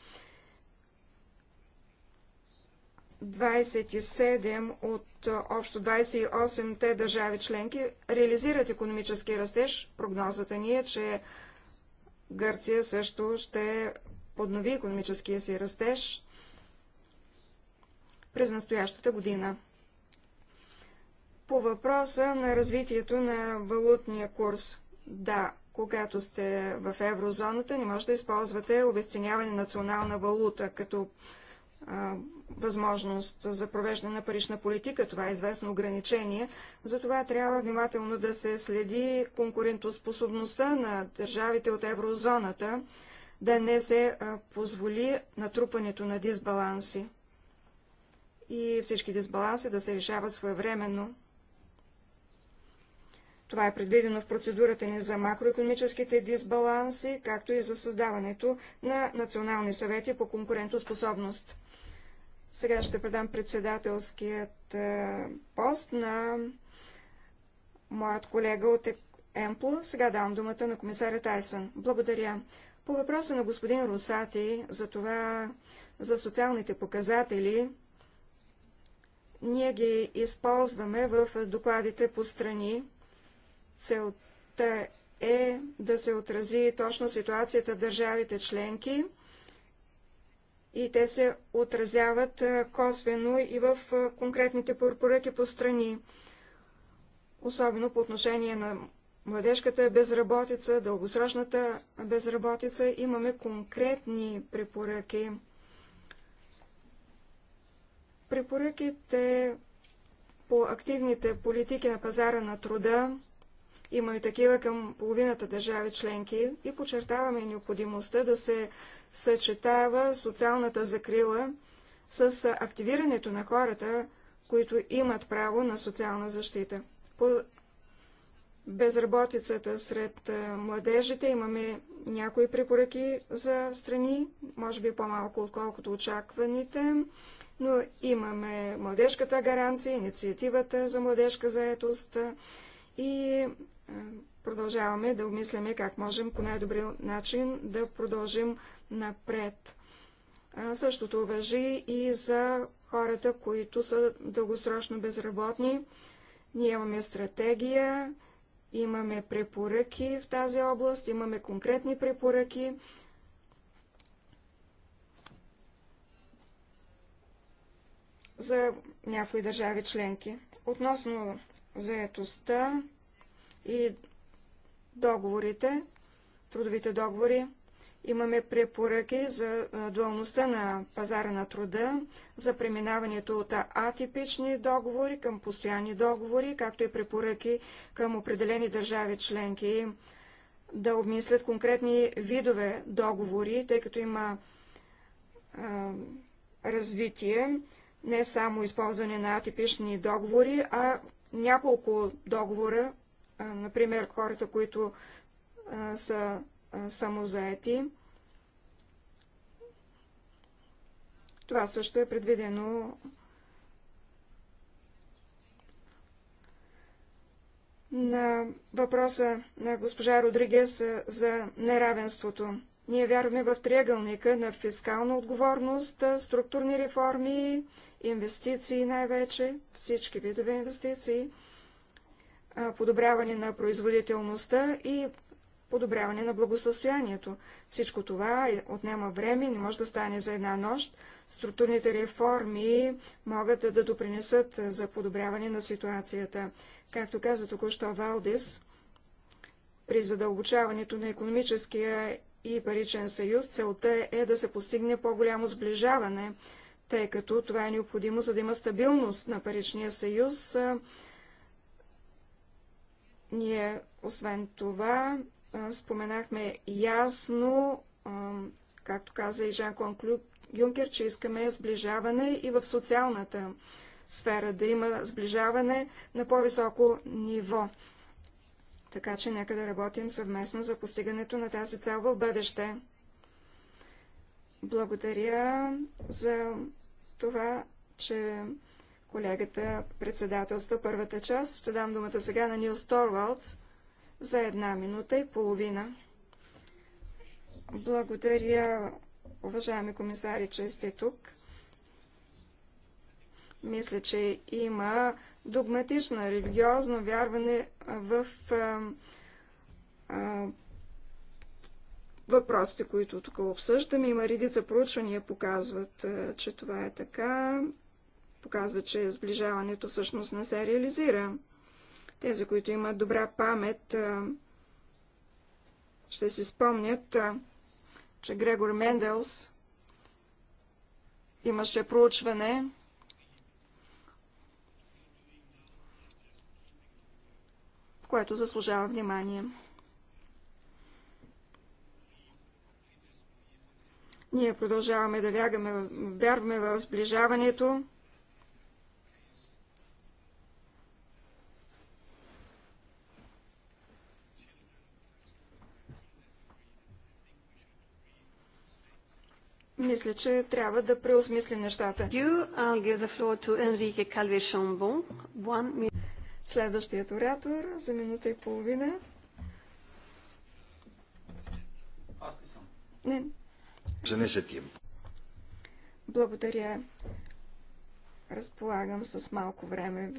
27 от общо 28-те държави членки реализират економически растеж. Прогнозата ни е, че Гърция също ще поднови економическия си растеж през настоящата година. По въпроса на развитието на валутния курс. Да, когато сте в еврозоната, не можете да използвате обесценяване на национална валута като възможност за провеждане на парична политика. Това е известно ограничение. Затова трябва внимателно да се следи конкурентоспособността на държавите от еврозоната, да не се позволи натрупването на дисбаланси. И всички дисбаланси да се решават своевременно. Това е предвидено в процедурата ни за макроекономическите дисбаланси, както и за създаването на национални съвети по конкурентоспособност. Сега ще предам председателският е, пост на моят колега от Емпл. Сега давам думата на комисаря Тайсън. Благодаря. По въпроса на господин Русати за това, за социалните показатели, ние ги използваме в докладите по страни. Целта е да се отрази точно ситуацията в държавите членки – и те се отразяват косвено и в конкретните препоръки по страни, особено по отношение на младежката безработица, дългосрочната безработица. Имаме конкретни препоръки. Препоръките по активните политики на пазара на труда Имаме такива към половината държави членки и подчертаваме необходимостта да се съчетава социалната закрила с активирането на хората, които имат право на социална защита. По безработицата сред младежите имаме някои препоръки за страни, може би по-малко отколкото очакваните, но имаме младежката гаранция, инициативата за младежка заетост и продължаваме да обмисляме как можем по най-добрия начин да продължим напред. Същото въжи и за хората, които са дългосрочно безработни. Ние имаме стратегия, имаме препоръки в тази област, имаме конкретни препоръки. за някои държави членки. Относно заетостта, и договорите, трудовите договори. Имаме препоръки за дуалността на пазара на труда, за преминаването от атипични договори към постоянни договори, както и препоръки към определени държави членки да обмислят конкретни видове договори, тъй като има а, развитие, не само използване на атипични договори, а няколко договора, например, хората, които са самозаети. Това също е предвидено на въпроса на госпожа Родригес за неравенството. Ние вярваме в триъгълника на фискална отговорност, структурни реформи, инвестиции най-вече, всички видове инвестиции – подобряване на производителността и подобряване на благосъстоянието. Всичко това е, отнема време, не може да стане за една нощ. Структурните реформи могат да допринесат за подобряване на ситуацията. Както каза току-що Валдис, при задълбочаването на економическия и паричен съюз целта е да се постигне по-голямо сближаване, тъй като това е необходимо, за да има стабилност на паричния съюз, ние, освен това, споменахме ясно, както каза и Жан-Клон Юнкер, че искаме сближаване и в социалната сфера, да има сближаване на по-високо ниво. Така че нека да работим съвместно за постигането на тази цел в бъдеще. Благодаря за това, че Колегата председателства първата част. Ще дам думата сега на Нил Торвалдс за една минута и половина. Благодаря, уважаеми комисари, че сте тук. Мисля, че има догматична религиозно вярване в а, а, въпросите, които тук обсъждаме. Има редица проучвания, показват, а, че това е така показва, че сближаването всъщност не се реализира. Тези, които имат добра памет, ще си спомнят, че Грегор Менделс имаше проучване, което заслужава внимание. Ние продължаваме да вярваме в сближаването, мисля, че трябва да преосмислим нещата. Следващият оратор за минута и половина. Аз ли съм? Не. Благодаря. Разполагам с малко време.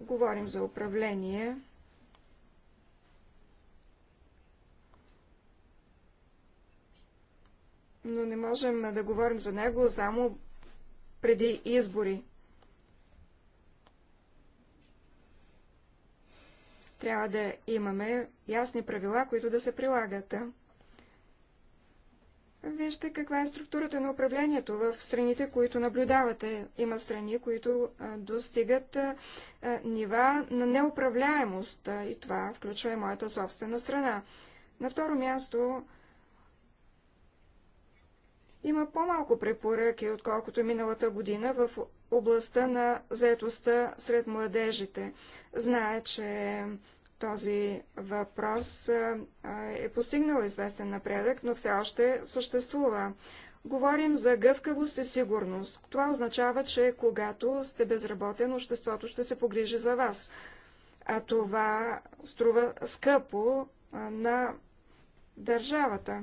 Говорим за управление. но не можем да говорим за него само преди избори. Трябва да имаме ясни правила, които да се прилагат. Вижте каква е структурата на управлението в страните, които наблюдавате. Има страни, които достигат нива на неуправляемост и това включва и моята собствена страна. На второ място има по-малко препоръки, отколкото миналата година в областта на заетостта сред младежите. Знае, че този въпрос е постигнал известен напредък, но все още съществува. Говорим за гъвкавост и сигурност. Това означава, че когато сте безработен, обществото ще се погрижи за вас. А това струва скъпо на държавата.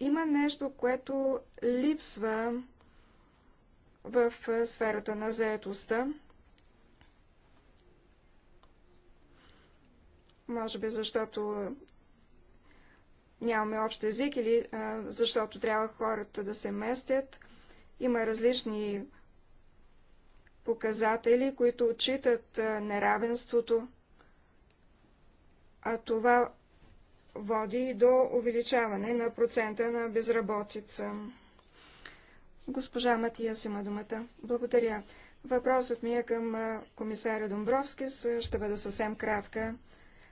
Има нещо, което липсва в сферата на заетостта. Може би защото нямаме общ език или а, защото трябва хората да се местят. Има различни показатели, които отчитат а, неравенството. А това води до увеличаване на процента на безработица. Госпожа Матиас има думата. Благодаря. Въпросът ми е към комисаря Домбровски. Ще бъда съвсем кратка.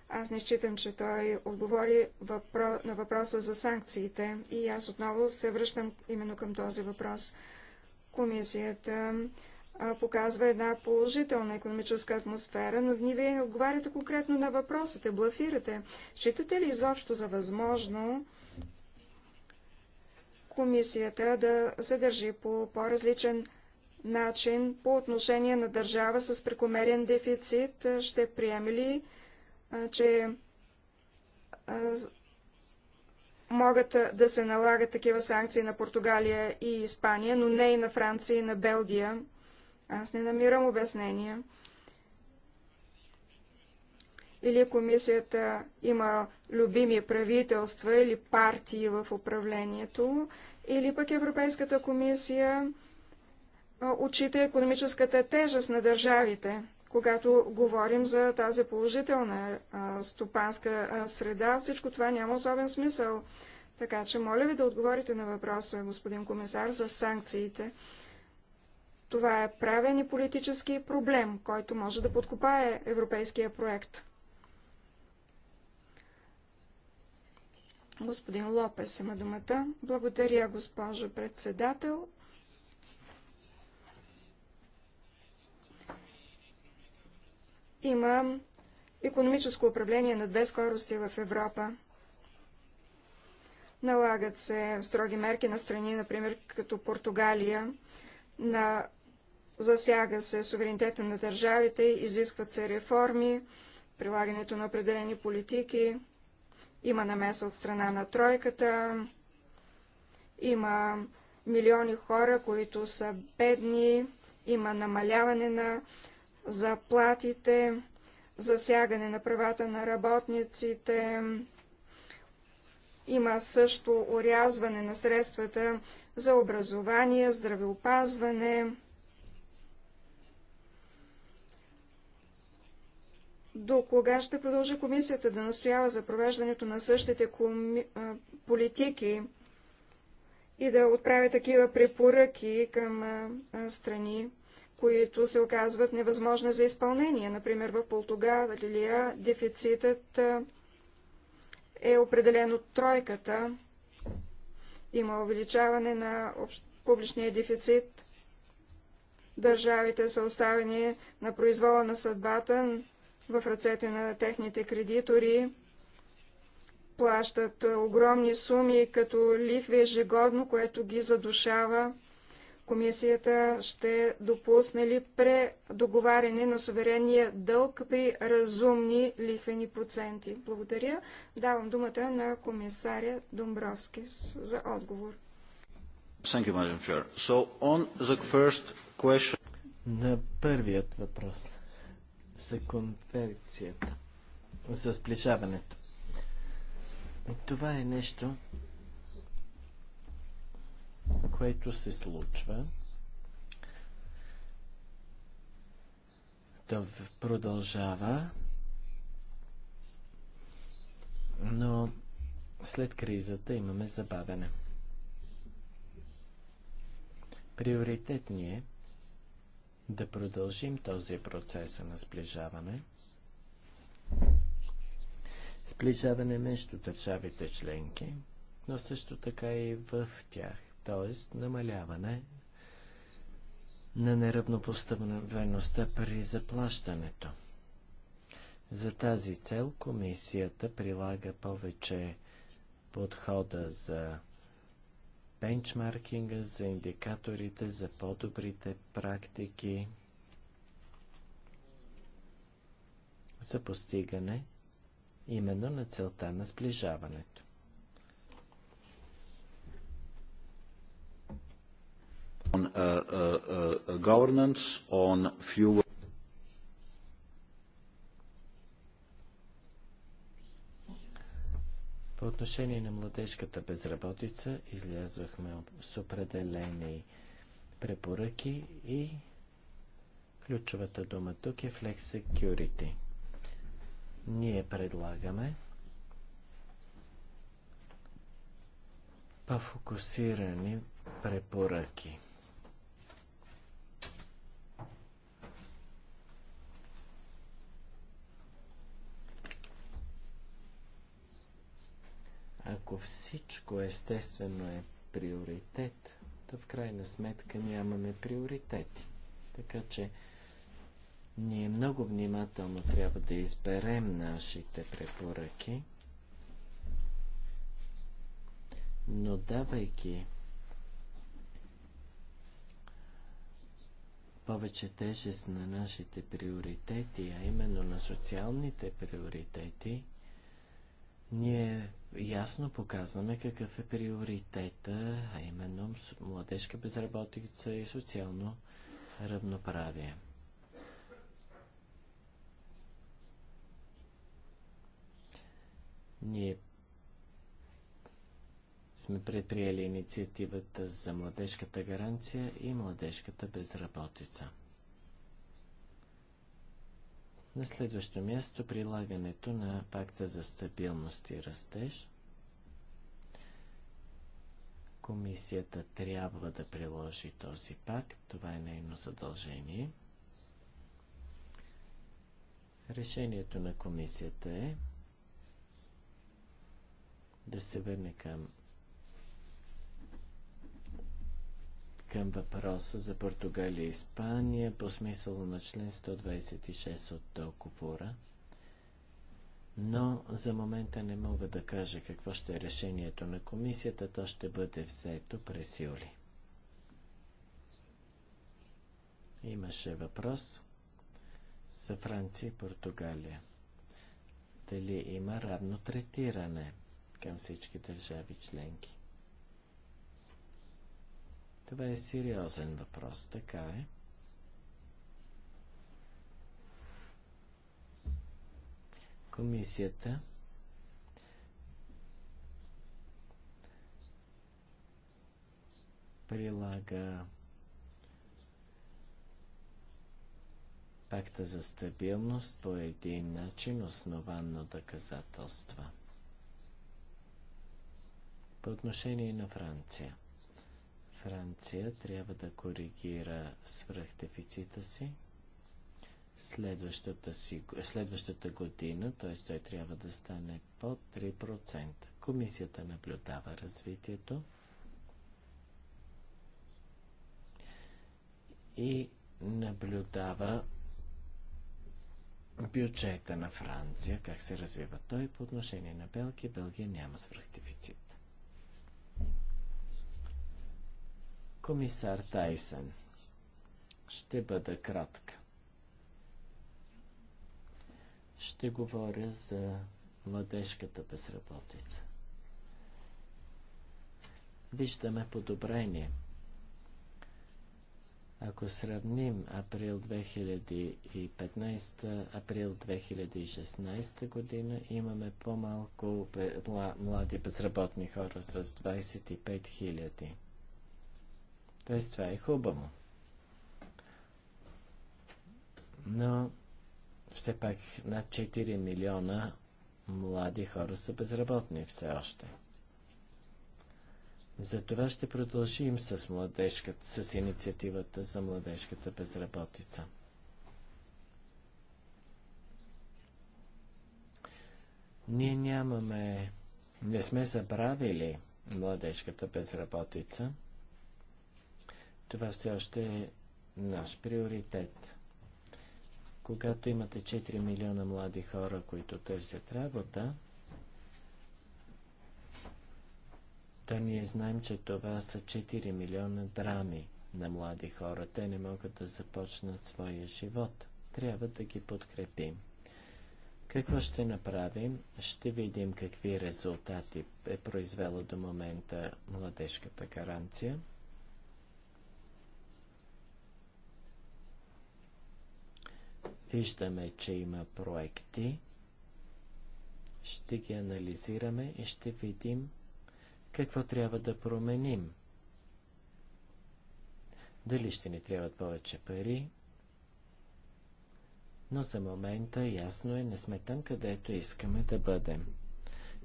Аз не считам, че той отговори въпро... на въпроса за санкциите. И аз отново се връщам именно към този въпрос. Комисията показва една положителна економическа атмосфера, но ние вие не отговаряте конкретно на въпросите, блафирате. Считате ли изобщо за възможно комисията да се държи по по-различен начин по отношение на държава с прекомерен дефицит? Ще приеме ли, че могат да се налагат такива санкции на Португалия и Испания, но не и на Франция и на Белгия? Аз не намирам обяснение. Или комисията има любими правителства или партии в управлението, или пък Европейската комисия отчита економическата тежест на държавите. Когато говорим за тази положителна стопанска среда, всичко това няма особен смисъл. Така че моля ви да отговорите на въпроса, господин комисар, за санкциите. Това е правен и политически проблем, който може да подкопае европейския проект. Господин Лопес има думата. Благодаря, госпожо председател. Има економическо управление на две скорости в Европа. Налагат се строги мерки на страни, например като Португалия, на засяга се суверенитета на държавите, изискват се реформи, прилагането на определени политики, има намеса от страна на тройката, има милиони хора, които са бедни, има намаляване на заплатите, засягане на правата на работниците, има също урязване на средствата за образование, здравеопазване, До кога ще продължи комисията да настоява за провеждането на същите коми... политики и да отправя такива препоръки към страни, които се оказват невъзможни за изпълнение? Например, в Португалия дефицитът е определен от тройката. Има увеличаване на публичния дефицит. Държавите са оставени на произвола на съдбата в ръцете на техните кредитори. Плащат огромни суми като лихви ежегодно, което ги задушава. Комисията ще допусне ли предоговаряне на суверенния дълг при разумни лихвени проценти? Благодаря. Давам думата на комисаря Домбровски за отговор. На първият въпрос за конверцията, за сближаването. Това е нещо, което се случва, то продължава, но след кризата имаме забавене. Приоритет ни е да продължим този процес на сближаване, сближаване между държавите членки, но също така и в тях т.е. намаляване на неравнопоставеността при заплащането. За тази цел комисията прилага повече подхода за бенчмаркинга, за индикаторите, за по-добрите практики, за постигане именно на целта на сближаването. On, uh, uh, uh, governance on fuel. По отношение на младежката безработица излязохме с определени препоръки и ключовата дума тук е Flex Security. Ние предлагаме по-фокусирани препоръки. ако всичко естествено е приоритет, то в крайна сметка нямаме приоритети. Така че ние много внимателно трябва да изберем нашите препоръки, но давайки повече тежест на нашите приоритети, а именно на социалните приоритети, ние ясно показваме какъв е приоритета, а именно младежка безработица и социално равноправие. Ние сме предприели инициативата за младежката гаранция и младежката безработица. На следващо място прилагането на пакта за стабилност и растеж. Комисията трябва да приложи този пакт. Това е нейно задължение. Решението на комисията е да се върне към към въпроса за Португалия и Испания по смисъла на член 126 от договора, но за момента не мога да кажа какво ще е решението на комисията, то ще бъде взето през юли. Имаше въпрос за Франция и Португалия. Дали има равно третиране към всички държави членки? Това е сериозен въпрос, така е. Комисията прилага пакта за стабилност по един начин, основан на доказателства. По отношение на Франция – Франция трябва да коригира свръхдефицита си следващата, си, следващата година, т.е. той трябва да стане под 3%. Комисията наблюдава развитието и наблюдава бюджета на Франция, как се развива той по отношение на Белгия. Белгия няма свръхдефицит. Комисар Тайсън, ще бъда кратка. Ще говоря за младежката безработица. Виждаме подобрение. Ако сравним април 2015, април 2016 година, имаме по-малко млади безработни хора с 25 000. Тоест това е хубаво. Но все пак над 4 милиона млади хора са безработни все още. Затова ще продължим с, младежката, с инициативата за младежката безработица. Ние нямаме, не сме забравили младежката безработица – това все още е наш приоритет. Когато имате 4 милиона млади хора, които търсят работа, то ние знаем, че това са 4 милиона драми на млади хора. Те не могат да започнат своя живот. Трябва да ги подкрепим. Какво ще направим? Ще видим какви резултати е произвела до момента младежката гаранция. Виждаме, че има проекти. Ще ги анализираме и ще видим какво трябва да променим. Дали ще ни трябват повече пари? Но за момента ясно е, не сме там, където искаме да бъдем.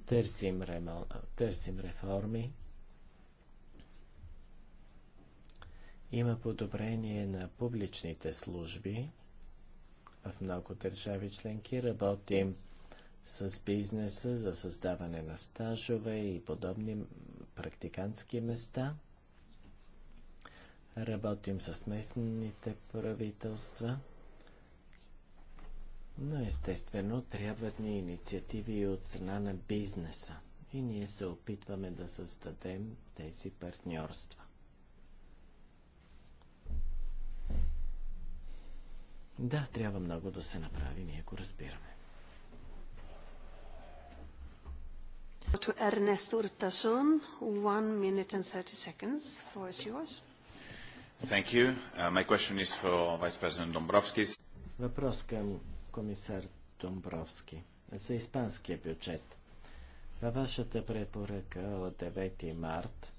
Търсим, ремон... Търсим реформи. Има подобрение на публичните служби в много държави членки работим с бизнеса за създаване на стажове и подобни практикантски места. Работим с местните правителства. Но естествено трябват ни инициативи и от страна на бизнеса. И ние се опитваме да създадем тези партньорства. Да, трябва много да се направи, ние го разбираме. Ернест Уртасон, 1 minute and 30 seconds. Floor is yours. Thank you. Uh, my question is for Vice President Dombrovskis. Въпрос към комисар Домбровски за испанския бюджет. Във вашата препоръка от 9 март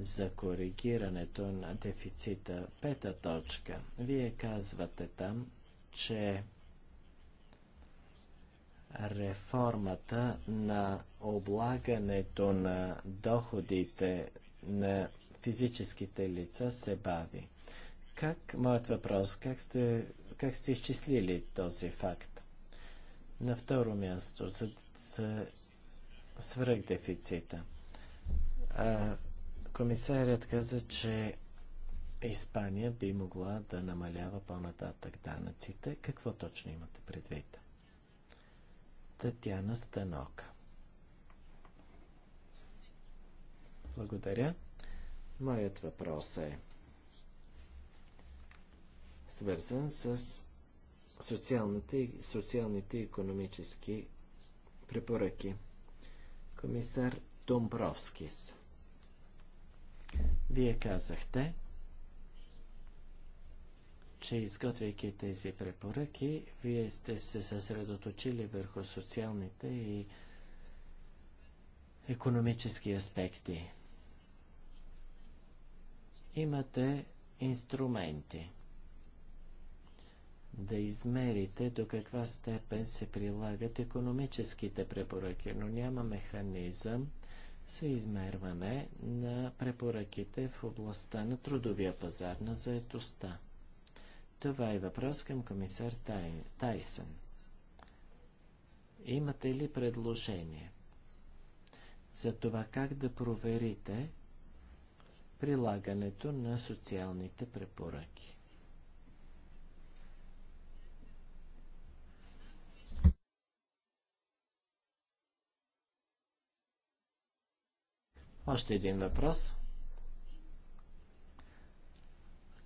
за коригирането на дефицита. Пета точка. Вие казвате там, че реформата на облагането на доходите на физическите лица се бави. Как, моят въпрос, как сте, как сте изчислили този факт? На второ място, за, за свръхдефицита. А, Комисарят каза, че Испания би могла да намалява по-нататък данъците. Какво точно имате предвид? Татьяна Станока. Благодаря. Моят въпрос е свързан с социалните, социалните и економически препоръки. Комисар Домбровскис вие казахте, че изготвяйки тези препоръки, вие сте се съсредоточили върху социалните и економически аспекти. Имате инструменти да измерите до каква степен се прилагат економическите препоръки, но няма механизъм съизмерване на препоръките в областта на трудовия пазар на заетостта. Това е въпрос към комисар Тай... Тайсън. Имате ли предложение за това как да проверите прилагането на социалните препоръки? Още един въпрос.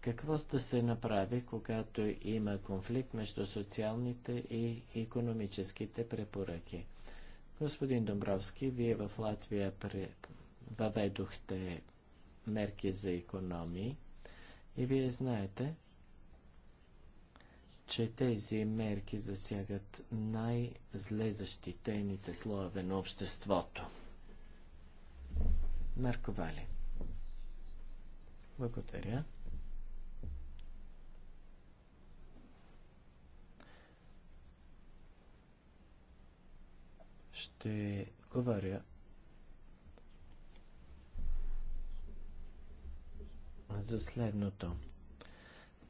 Какво ще се направи, когато има конфликт между социалните и економическите препоръки? Господин Домбровски, вие в Латвия въведохте мерки за економии и вие знаете, че тези мерки засягат най-зле защитените слоеве на обществото. Марко Вали. Благодаря. Ще говоря за следното.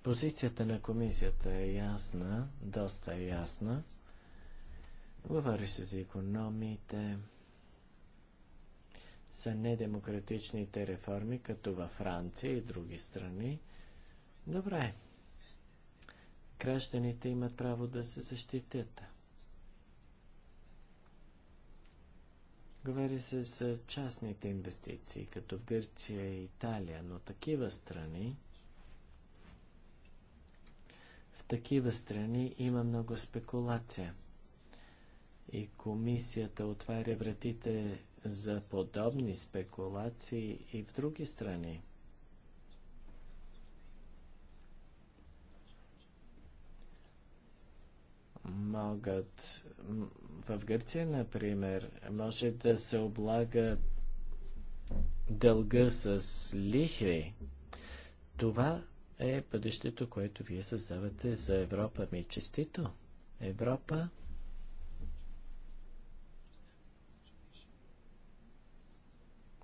Позицията на комисията е ясна, доста е ясна. Говори се за економите. Са недемократичните реформи, като във Франция и други страни. Добре. Гражданите имат право да се защитят. Говори се за частните инвестиции, като в Гърция и Италия, но такива страни в такива страни има много спекулация. И комисията отваря вратите за подобни спекулации и в други страни. Могат в Гърция, например, може да се облага дълга с лихви. Това е бъдещето, което вие създавате за Европа. Ми честито! Европа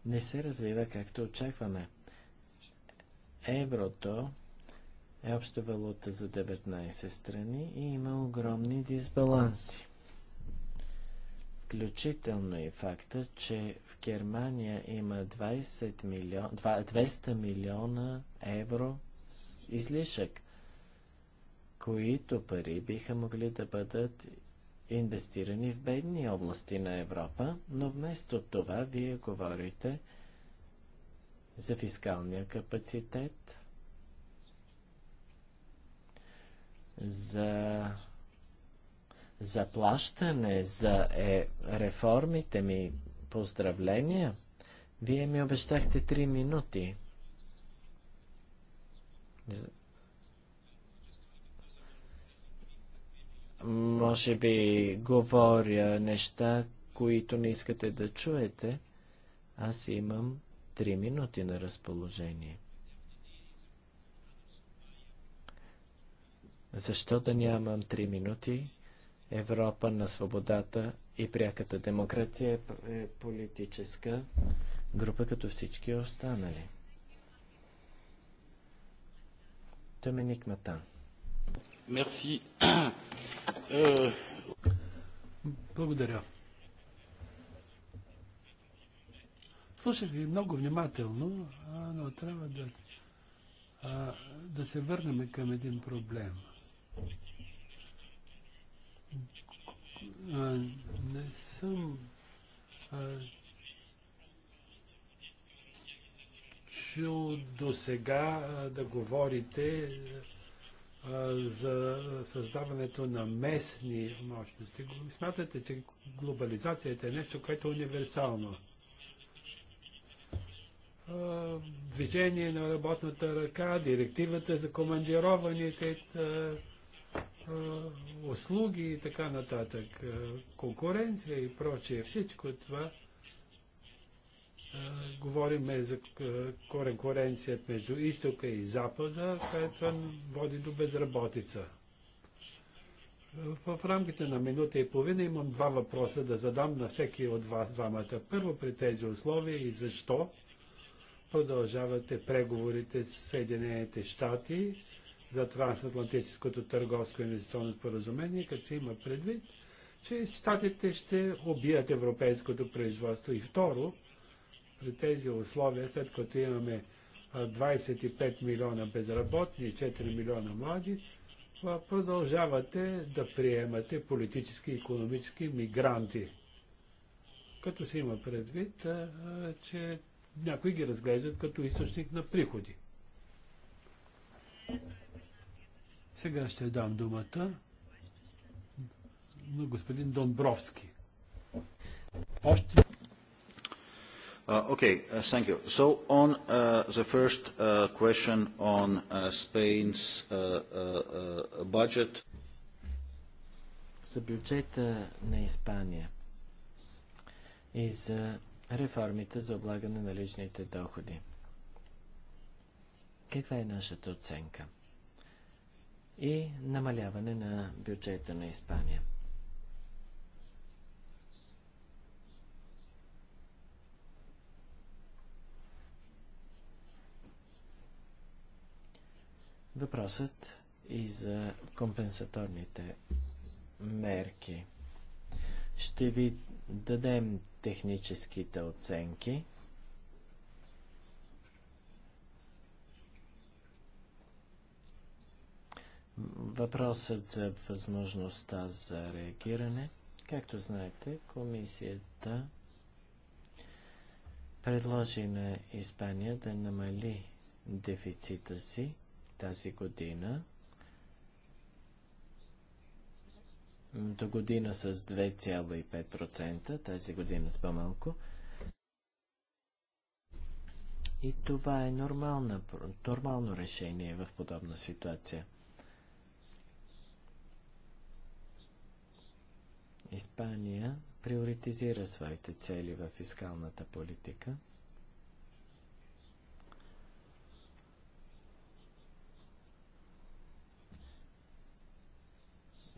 не се развива както очакваме. Еврото е обща валута за 19 страни и има огромни дисбаланси. Включително и факта, че в Германия има 20 милион, 200 милиона евро излишък, които пари биха могли да бъдат инвестирани в бедни области на Европа, но вместо това вие говорите за фискалния капацитет, за заплащане, за е, реформите ми. Поздравления! Вие ми обещахте 3 минути. Може би говоря неща, които не искате да чуете. Аз имам три минути на разположение. Защо да нямам три минути? Европа на свободата и пряката демокрация е политическа група като всички останали. Доминик Матан. Мерси. Благодаря. Слушах ви много внимателно, но трябва да, да се върнем към един проблем. не съм чул до сега да говорите за създаването на местни мощности. Смятате, че глобализацията е нещо, което е универсално. Движение на работната ръка, директивата за командированите услуги и така нататък, конкуренция и прочее, всичко това – говориме за конкуренцията между изтока и запада, което води до безработица. В рамките на минута и половина имам два въпроса да задам на всеки от вас двамата. Първо при тези условия и защо продължавате преговорите с Съединените щати за трансатлантическото търговско инвестиционно споразумение, като се има предвид, че щатите ще убият европейското производство. И второ, при тези условия, след като имаме 25 милиона безработни и 4 милиона млади, продължавате да приемате политически и економически мигранти. Като се има предвид, че някои ги разглеждат като източник на приходи. Сега ще дам думата на господин Домбровски. Още... Uh, okay, uh, thank you. So on uh, the first question on Spain's budget. За бюджета на Испания и за реформите за облагане на личните доходи. Каква е нашата оценка? И намаляване на бюджета на Испания – Въпросът и за компенсаторните мерки. Ще ви дадем техническите оценки. Въпросът за възможността за реагиране. Както знаете, комисията предложи на Испания да намали дефицита си тази година. До година с 2,5%, тази година с по-малко. И това е нормална, нормално решение в подобна ситуация. Испания приоритизира своите цели в фискалната политика –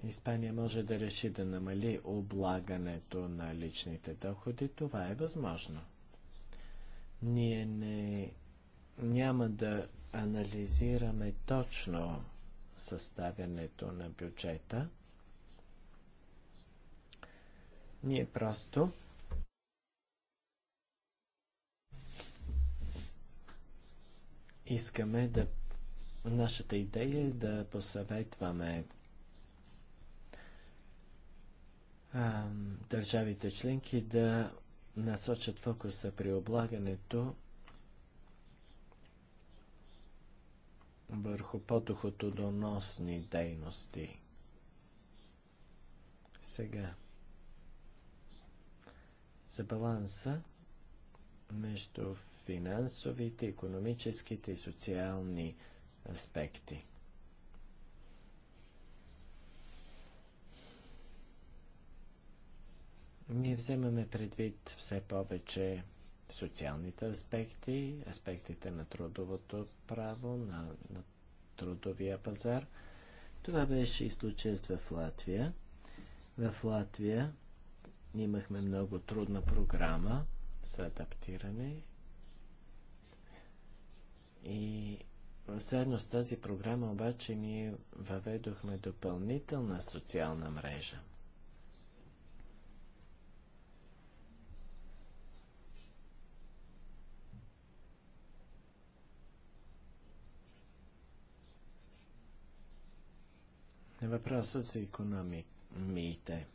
Испания може да реши да намали облагането на личните доходи, това е възможно. Ние не, няма да анализираме точно съставянето на бюджета. Ние просто искаме да. Нашата идея е да посъветваме а, държавите членки да насочат фокуса при облагането върху подохододоносни дейности. Сега за баланса между финансовите, економическите и социални аспекти. Ние вземаме предвид все повече социалните аспекти, аспектите на трудовото право, на, на трудовия пазар. Това беше и случаят в Латвия. В Латвия имахме много трудна програма за адаптиране и заедно с тази програма обаче ние въведохме допълнителна социална мрежа – на въпроса с економиите.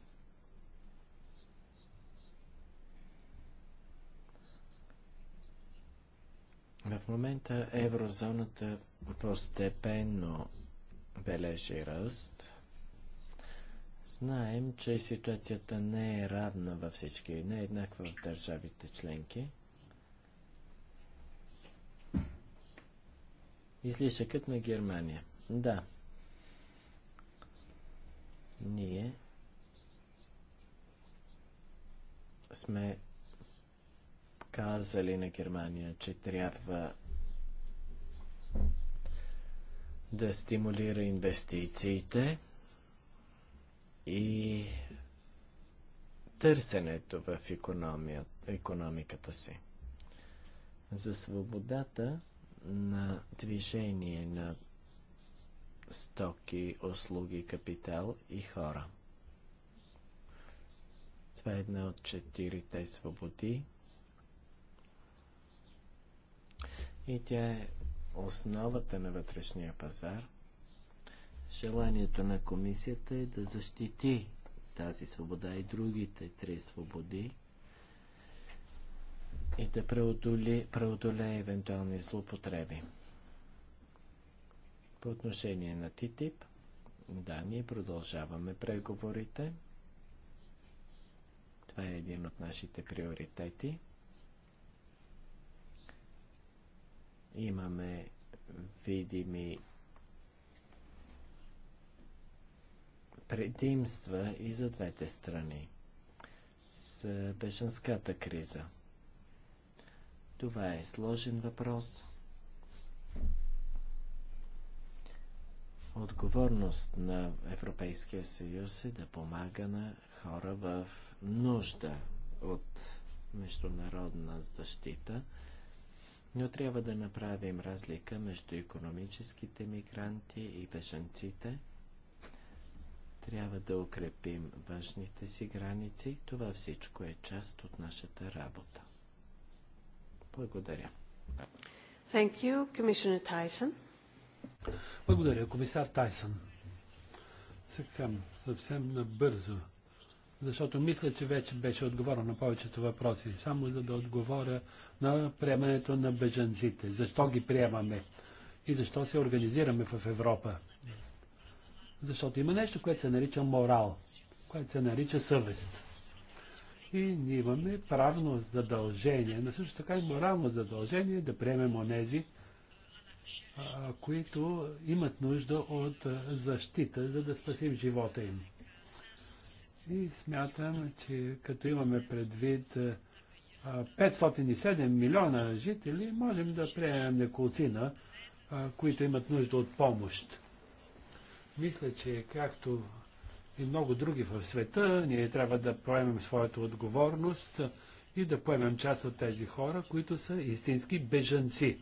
В момента еврозоната постепенно бележи ръст. Знаем, че ситуацията не е равна във всички, не е еднаква в държавите членки. Излишъкът на Германия. Да, ние сме казали на Германия, че трябва да стимулира инвестициите и търсенето в економиката си. За свободата на движение на стоки, услуги, капитал и хора. Това е една от четирите свободи. И тя е основата на вътрешния пазар. Желанието на комисията е да защити тази свобода и другите три свободи и да преодолее, евентуални злоупотреби. По отношение на ТИТИП, да, ние продължаваме преговорите. Това е един от нашите приоритети. Имаме видими предимства и за двете страни с беженската криза. Това е сложен въпрос. Отговорност на Европейския съюз е да помага на хора в нужда от международна защита, но трябва да направим разлика между економическите мигранти и бежанците. Трябва да укрепим външните си граници. Това всичко е част от нашата работа. Благодаря. Thank you, Commissioner Tyson. Благодаря, комисар Тайсън. Съвсем, съвсем набързо, защото мисля, че вече беше отговорено на повечето въпроси, само за да отговоря на приемането на бежанците. Защо ги приемаме и защо се организираме в Европа? Защото има нещо, което се нарича морал, което се нарича съвест. И ние имаме правно задължение, на също така и морално задължение да приемем онези, които имат нужда от защита, за да спасим живота им. И смятам, че като имаме предвид 507 милиона жители, можем да приемем неколцина, които имат нужда от помощ. Мисля, че както и много други в света, ние трябва да поемем своята отговорност и да поемем част от тези хора, които са истински бежанци.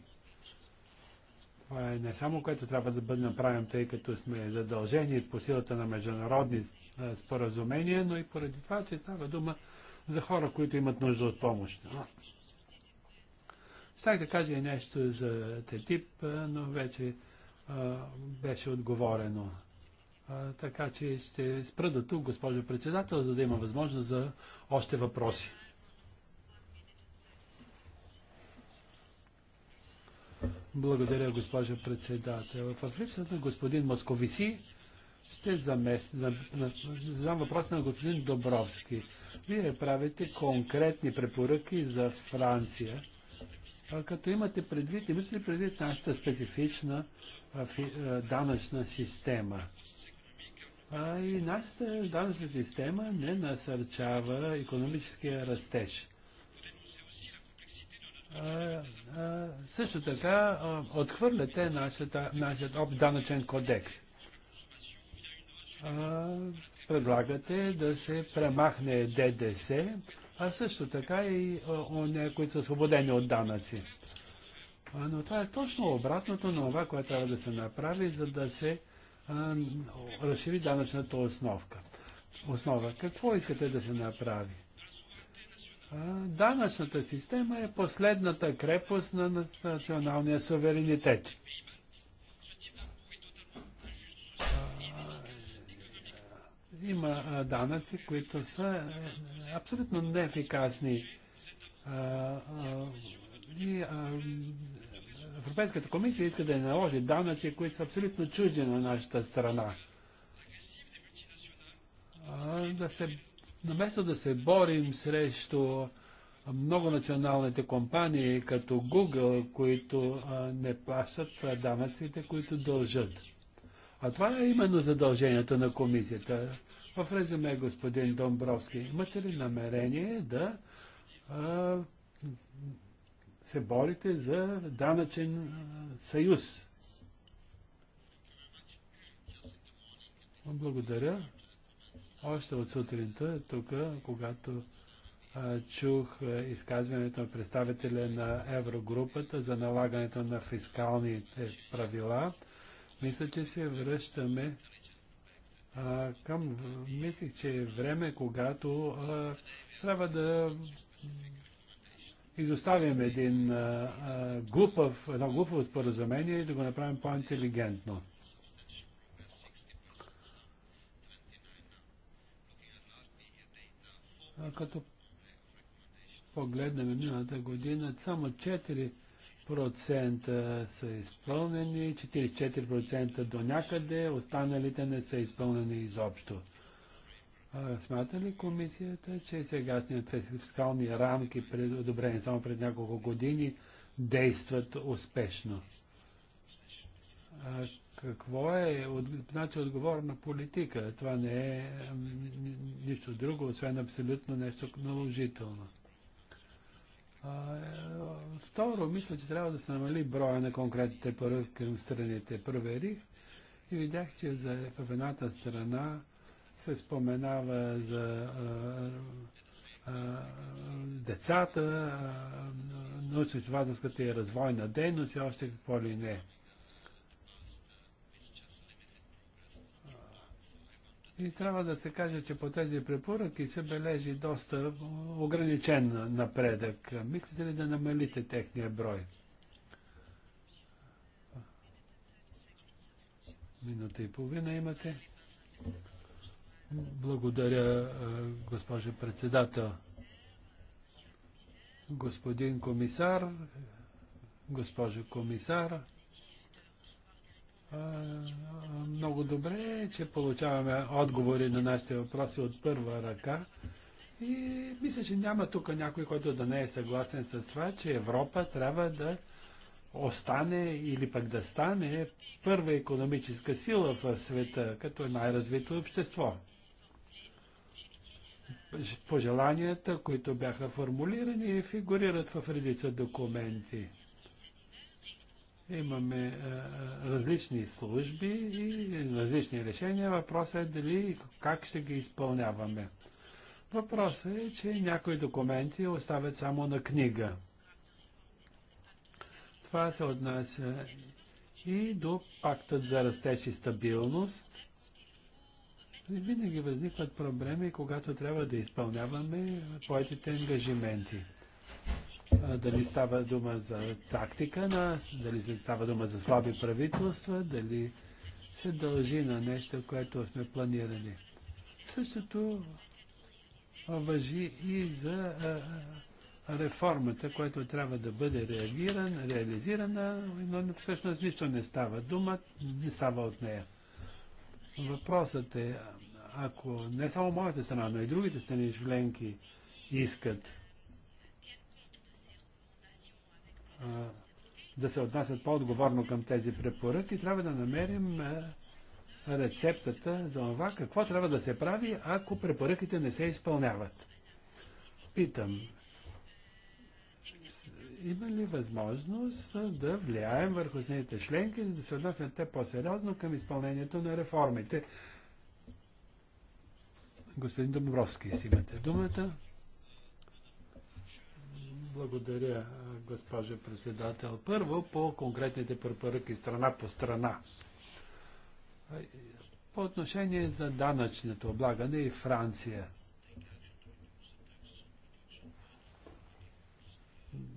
Това е не само което трябва да бъде направено, тъй като сме задължени по силата на международни е, споразумения, но и поради това, че става дума за хора, които имат нужда от помощ. Щях да кажа и нещо за тетип, е, но вече а, е, беше отговорено. А, така че ще спра до тук, госпожо председател, за да има възможност за още въпроси. Благодаря, госпожа председател. В липсата на господин Московиси ще задам въпрос на господин Добровски. Вие правите конкретни препоръки за Франция. А като имате предвид, имате ли предвид нашата специфична данъчна система? А и нашата данъчна система не насърчава економическия растеж също така отхвърляте нашата, нашият об данъчен кодекс. Предлагате да се премахне ДДС, а също така и оне, които са освободени от данъци. Но това е точно обратното на това, което трябва да се направи, за да се разшири данъчната основка. основа. Какво искате да се направи? данъчната система е последната крепост на националния суверенитет. Има данъци, които са е, абсолютно неефикасни. И Европейската комисия иска да наложи данъци, които са абсолютно чужди на нашата страна. Да се наместо да се борим срещу многонационалните компании като Google, които а, не плащат данъците, които дължат. А това е именно задължението на комисията. В резюме, господин Домбровски, имате ли намерение да а, се борите за данъчен съюз? Благодаря. Още от сутринта, тук, когато а, чух а, изказването на представителя на Еврогрупата за налагането на фискалните правила, мисля, че се връщаме а, към... Мислих, че е време, когато а, трябва да изоставим един а, а, глупав, едно глупаво споразумение и да го направим по-интелигентно. като погледнем миналата година, само 4% са изпълнени, 44% до някъде, останалите не са изпълнени изобщо. А, смята ли комисията, че сегашният фискални рамки, одобрени само пред няколко години, действат успешно? А, какво е от, значи отговорна политика? Това не е нищо друго, освен абсолютно нещо наложително. А, второ, мисля, че трябва да се намали броя на конкретните поръки към страните. Проверих и видях, че за, едната страна се споменава за а, а, децата, научно-изследователската и развойна дейност и още какво ли не. И трябва да се каже, че по тези препоръки се бележи доста ограничен напредък. Мислите ли да намалите техния брой? Минута и половина имате. Благодаря, госпожо председател. Господин комисар, госпожо комисар, много добре е, че получаваме отговори на нашите въпроси от първа ръка. И мисля, че няма тук някой, който да не е съгласен с това, че Европа трябва да остане или пък да стане първа економическа сила в света, като е най-развито общество. Пожеланията, които бяха формулирани, фигурират в редица документи Имаме е, е, различни служби и различни решения. Въпросът е дали как ще ги изпълняваме. Въпросът е, че някои документи оставят само на книга. Това се отнася и до пактът за растеж и стабилност. Винаги възникват проблеми, когато трябва да изпълняваме поетите ангажименти дали става дума за тактика на, дали става дума за слаби правителства, дали се дължи на нещо, което сме планирали. Същото въжи и за реформата, която трябва да бъде реагиран, реализирана, но всъщност нищо не става. Дума не става от нея. Въпросът е, ако не само моята страна, но и другите страни членки искат да се отнасят по-отговорно към тези препоръки, трябва да намерим рецептата за това какво трябва да се прави, ако препоръките не се изпълняват. Питам, има ли възможност да влияем върху снените членки, за да се отнасят те по-сериозно към изпълнението на реформите? Господин Домбровски, си имате думата. Благодаря, госпожа председател. Първо, по конкретните препоръки страна по страна. По отношение за данъчното облагане и Франция.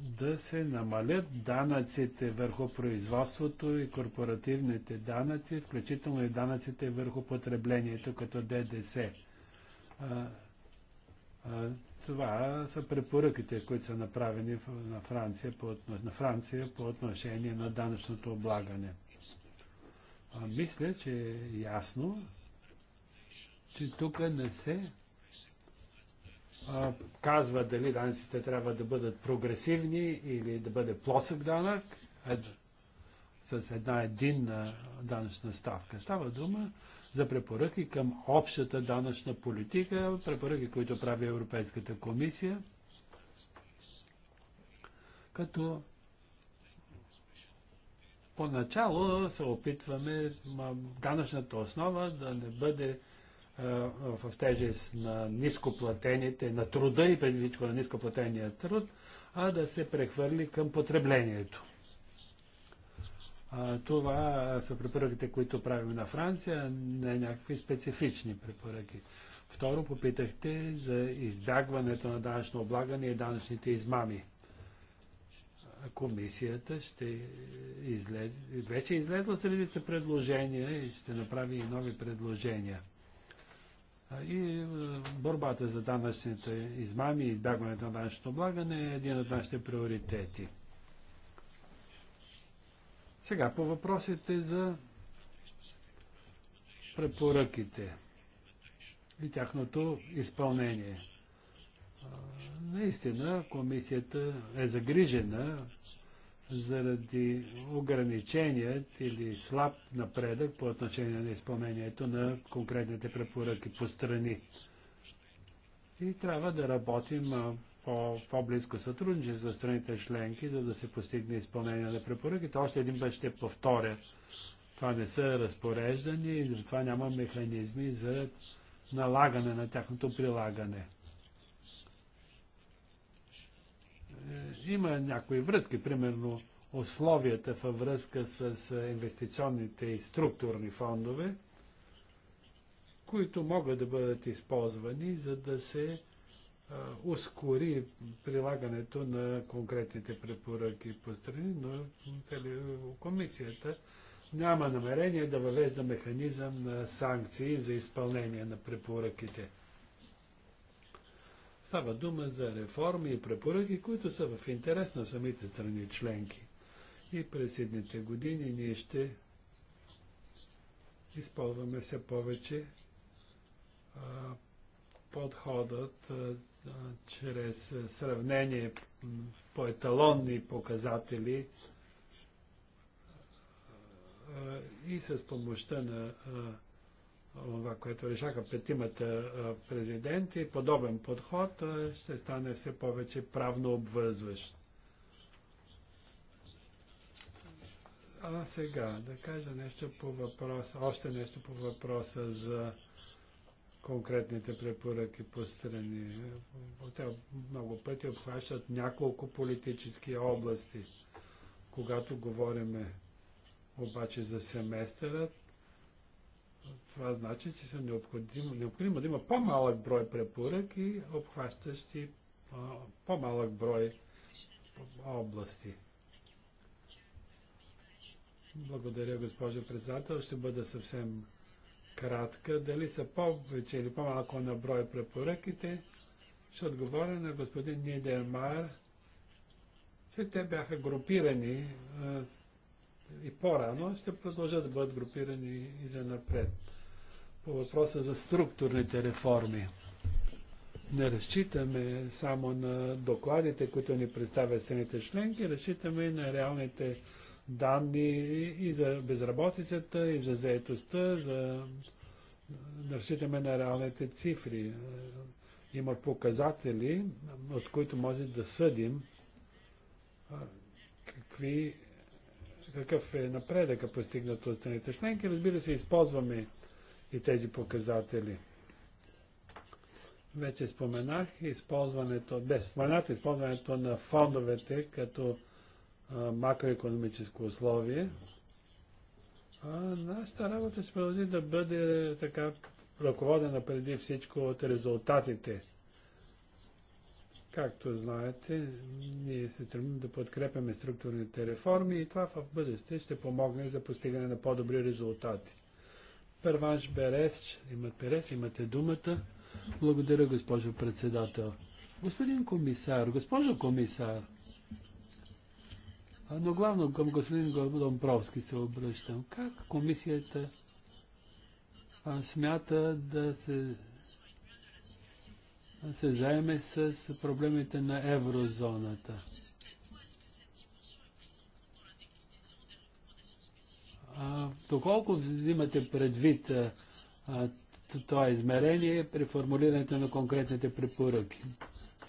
Да се намалят данъците върху производството и корпоративните данъци, включително и данъците върху потреблението като ДДС. Това са препоръките, които са направени на Франция по, на Франция по отношение на данъчното облагане. А, мисля, че е ясно, че тук не се а, казва дали данъците трябва да бъдат прогресивни или да бъде плосък данък ед, с една единна данъчна ставка. Става дума за препоръки към общата данъчна политика, препоръки, които прави Европейската комисия, като поначало се опитваме данъчната основа да не бъде в тежест на нископлатените, на труда и преди на нископлатения труд, а да се прехвърли към потреблението. А, това са препоръките, които правим на Франция, не някакви специфични препоръки. Второ, попитахте за избягването на данъчно облагане и данъчните измами. Комисията ще излезе, вече е излезла с редица предложения и ще направи и нови предложения. И борбата за данъчните измами и избягването на данъчното облагане е един от нашите приоритети. Сега по въпросите за препоръките и тяхното изпълнение. Наистина комисията е загрижена заради ограниченият или слаб напредък по отношение на изпълнението на конкретните препоръки по страни. И трябва да работим по-близко сътрудничество с страните членки, за да се постигне изпълнение на препоръките. Още един път ще повторя. Това не са разпореждани и затова няма механизми за налагане на тяхното прилагане. Е, има някои връзки, примерно условията във връзка с е, инвестиционните и структурни фондове, които могат да бъдат използвани, за да се ускори прилагането на конкретните препоръки по страни, но нали, комисията няма намерение да въвежда механизъм на санкции за изпълнение на препоръките. Става дума за реформи и препоръки, които са в интерес на самите страни членки. И през едните години ние ще използваме все повече а, подходът а, чрез е, сравнение по еталонни показатели е, и с помощта на това, е, което решаха петимата президенти, подобен подход ще стане все повече правно обвързващ. А сега да кажа нещо по въпроса, още нещо по въпроса за конкретните препоръки по страни. Те много пъти обхващат няколко политически области. Когато говорим обаче за семестъра, това значи, че са необходимо, необходимо да има по-малък брой препоръки, обхващащи по-малък брой области. Благодаря, госпожо председател. Ще бъда съвсем кратка, дали са повече или по-малко на брой препоръките, ще отговоря на господин Нидермайер, че те бяха групирани и по-рано, ще продължат да бъдат групирани и за напред. По въпроса за структурните реформи. Не разчитаме само на докладите, които ни представят страните членки, разчитаме и на реалните данни и за безработицата, и за заетостта, за да разчитаме на реалните цифри. Има показатели, от които може да съдим какви, какъв е напредъка постигнат от страните членки. Разбира се, използваме и тези показатели. Вече споменах използването, без споменато използването на фондовете като макроекономическо условие. А нашата работа ще продължи да бъде така ръководена преди всичко от резултатите. Както знаете, ние се стремим да подкрепяме структурните реформи и това в бъдеще ще помогне за постигане на по-добри резултати. Първанш Берес, имат Берес, имате думата. Благодаря, госпожо председател. Господин комисар, госпожо комисар, но главно към господин Домбровски се обръщам. Как комисията а, смята да се, да се заеме с проблемите на еврозоната? А, доколко взимате предвид а, това измерение при формулирането на конкретните препоръки?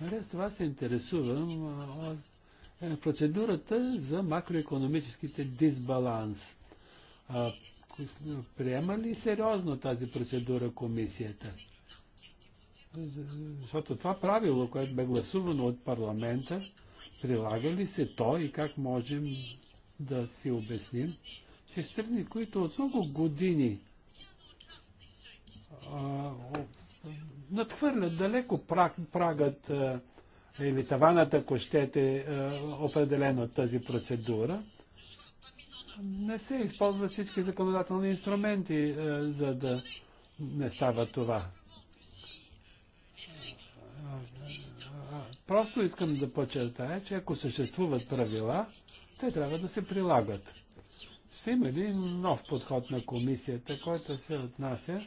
Наред нали, това се интересувам от процедурата за макроекономическите дисбаланс. А, приема ли сериозно тази процедура комисията? Защото това правило, което бе гласувано от парламента, прилага ли се то и как можем да си обясним, че страни, които от много години а, надхвърлят далеко прагът а, или таванът, ако щете, е, определен от тази процедура, не се използват всички законодателни инструменти, е, за да не става това. Просто искам да подчертая, че ако съществуват правила, те трябва да се прилагат. Ще има един нов подход на комисията, който се отнася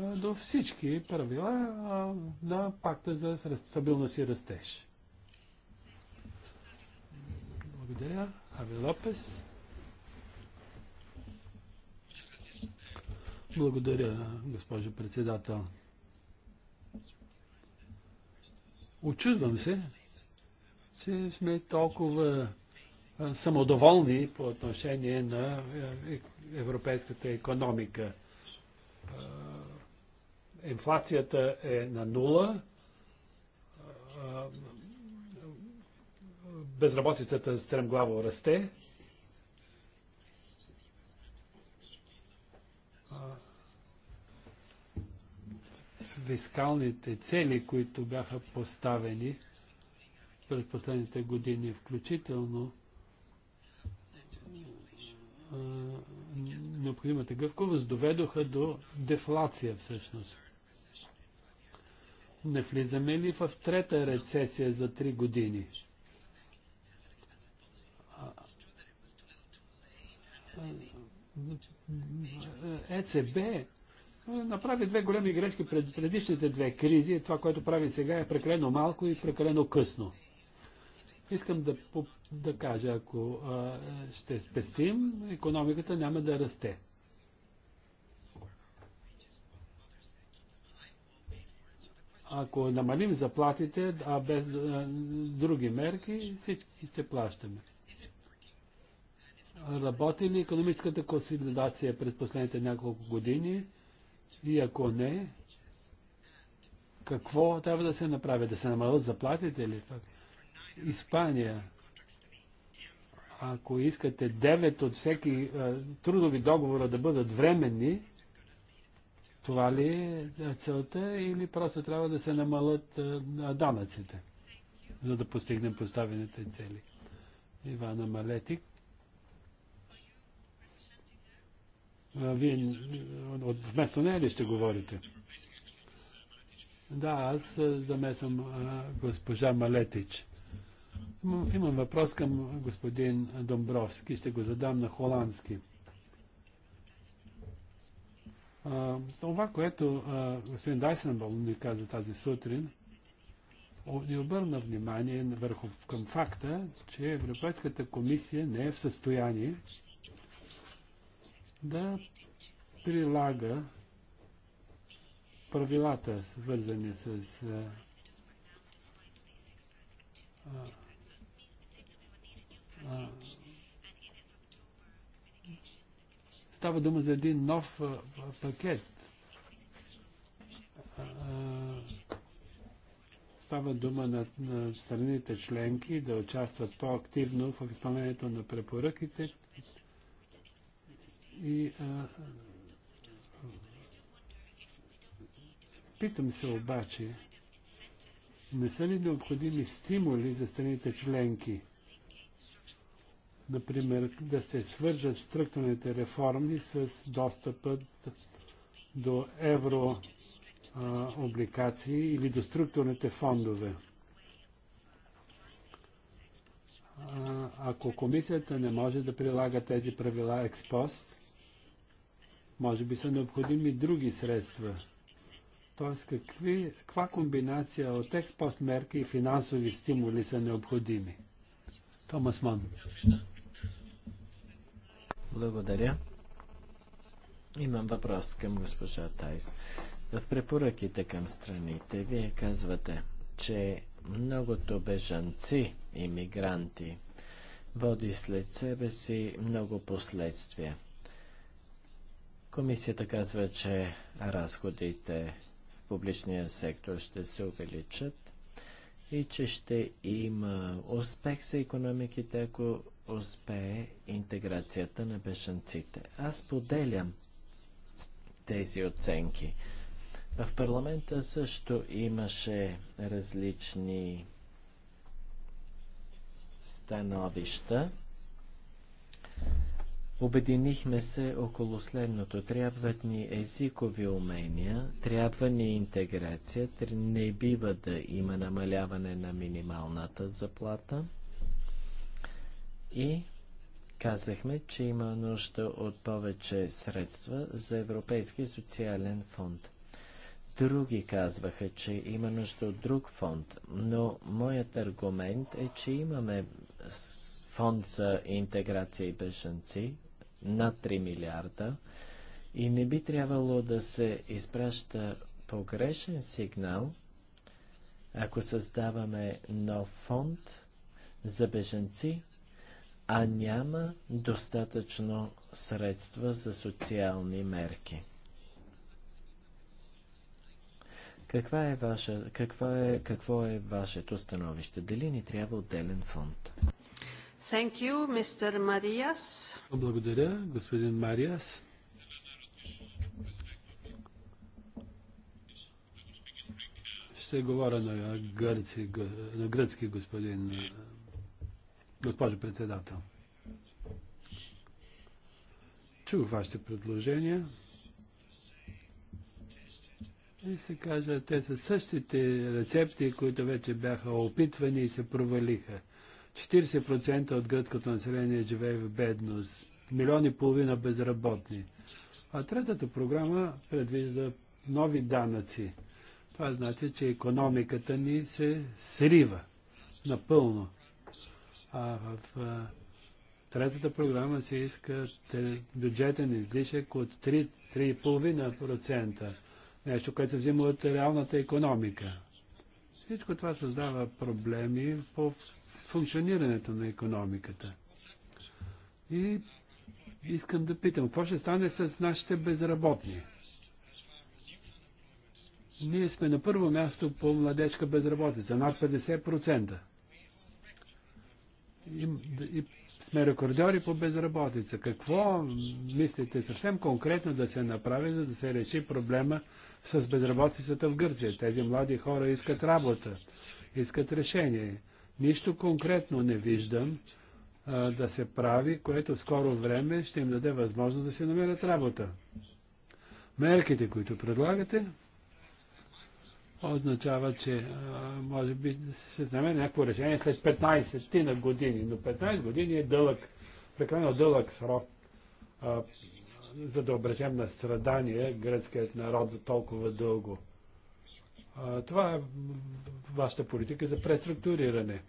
до всички правила на пакта за стабилност и растеж. Благодаря. Ави Лопес. Благодаря, госпожо председател. Очудвам се, че сме толкова самодоволни по отношение на европейската економика инфлацията е на нула, безработицата стремглаво расте. Фискалните цели, които бяха поставени през последните години, включително необходимата гъвковост доведоха до дефлация всъщност не влизаме ли в трета рецесия за три години? ЕЦБ направи две големи грешки пред предишните две кризи. Това, което прави сега е прекалено малко и прекалено късно. Искам да, да кажа, ако а, ще спестим, економиката няма да расте. ако намалим заплатите, а без други мерки, всички ще плащаме. Работи ли економическата консолидация през последните няколко години? И ако не, какво трябва да се направи? Да се намалят заплатите ли? Испания. Ако искате 9 от всеки трудови договора да бъдат временни, това ли е целта или просто трябва да се намалят е, данъците, за да постигнем поставените цели? Ивана Малетик. Вие вместо нея ли ще говорите? Да, аз е, замесвам е, госпожа Малетич. Имам въпрос към господин Домбровски. Ще го задам на холандски. А, това, което а, господин Дайсенбаум ни каза тази сутрин, ни обърна внимание върху към факта, че Европейската комисия не е в състояние да прилага правилата, свързани с а, а, а, Става дума за един нов пакет. става дума на, на страните членки да участват по-активно в изпълнението на препоръките и а, Питам се обаче, не са ли необходими стимули за страните членки Например, да се свържат структурните реформи с достъпът до еврообликации или до структурните фондове. А, ако комисията не може да прилага тези правила експост, може би са необходими други средства. Т.е. какви, каква комбинация от експост мерки и финансови стимули са необходими? Томас Ман. Благодаря. Имам въпрос към госпожа Тайс. В препоръките към страните вие казвате, че многото бежанци иммигранти води след себе си много последствия. Комисията казва, че разходите в публичния сектор ще се увеличат и че ще има успех за економиките, ако успее интеграцията на бешенците. Аз поделям тези оценки. В парламента също имаше различни становища. Обединихме се около следното. Трябват ни езикови умения, трябва ни интеграция, не бива да има намаляване на минималната заплата. И казахме, че има нужда от повече средства за Европейски социален фонд. Други казваха, че има нужда от друг фонд, но моят аргумент е, че имаме фонд за интеграция и бежанци, над 3 милиарда и не би трябвало да се изпраща погрешен сигнал, ако създаваме нов фонд за беженци, а няма достатъчно средства за социални мерки. Каква е ваша, какво, е, какво е вашето становище? Дали ни трябва отделен фонд? Thank you, Mr. Marias. Благодаря, господин Мариас. Ще говоря на, гърци, на гръцки, господин, госпожо председател. Чух вашите предложения. И се кажа, те са същите рецепти, които вече бяха опитвани и се провалиха. 40% от гръцкото население живее в бедност, милиони и половина безработни. А третата програма предвижда нови данъци. Това значи, че економиката ни се срива напълно. А в а, третата програма се иска бюджетен излишък от 3-3,5%. Нещо, което се взима от реалната економика. Всичко това създава проблеми по функционирането на економиката. И искам да питам, какво ще стане с нашите безработни? Ние сме на първо място по младежка безработица, над 50%. И, и сме рекордьори по безработица. Какво мислите съвсем конкретно да се направи, за да се реши проблема с безработицата в Гърция? Тези млади хора искат работа, искат решение. Нищо конкретно не виждам а, да се прави, което в скоро време ще им даде възможност да се намерят работа. Мерките, които предлагате, означава, че а, може би ще се знаме някакво решение след 15 ти на години, но 15 години е дълъг, прекалено дълъг срок, а, за да обречем на страдания гръцкият народ за толкова дълго. Това е вашата политика за преструктуриране.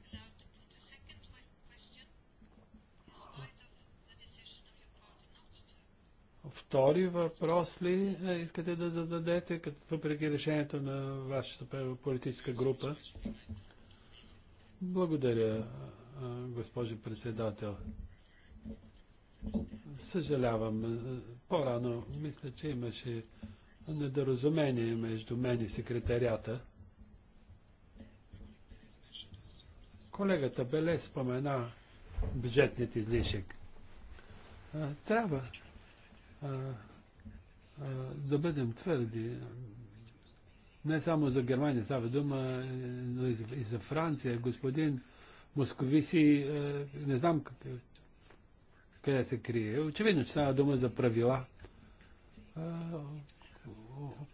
Втори въпрос ли е, искате да зададете, като въпреки решението на вашата политическа група? Благодаря, госпожо председател. Съжалявам. По-рано мисля, че имаше недоразумение между мен и секретарята. Колегата Беле спомена бюджетният излишък. трябва а, а, да бъдем твърди. Не само за Германия става дума, но и за, и за Франция. Господин Московиси, не знам как, къде се крие. Очевидно, че става дума за правила,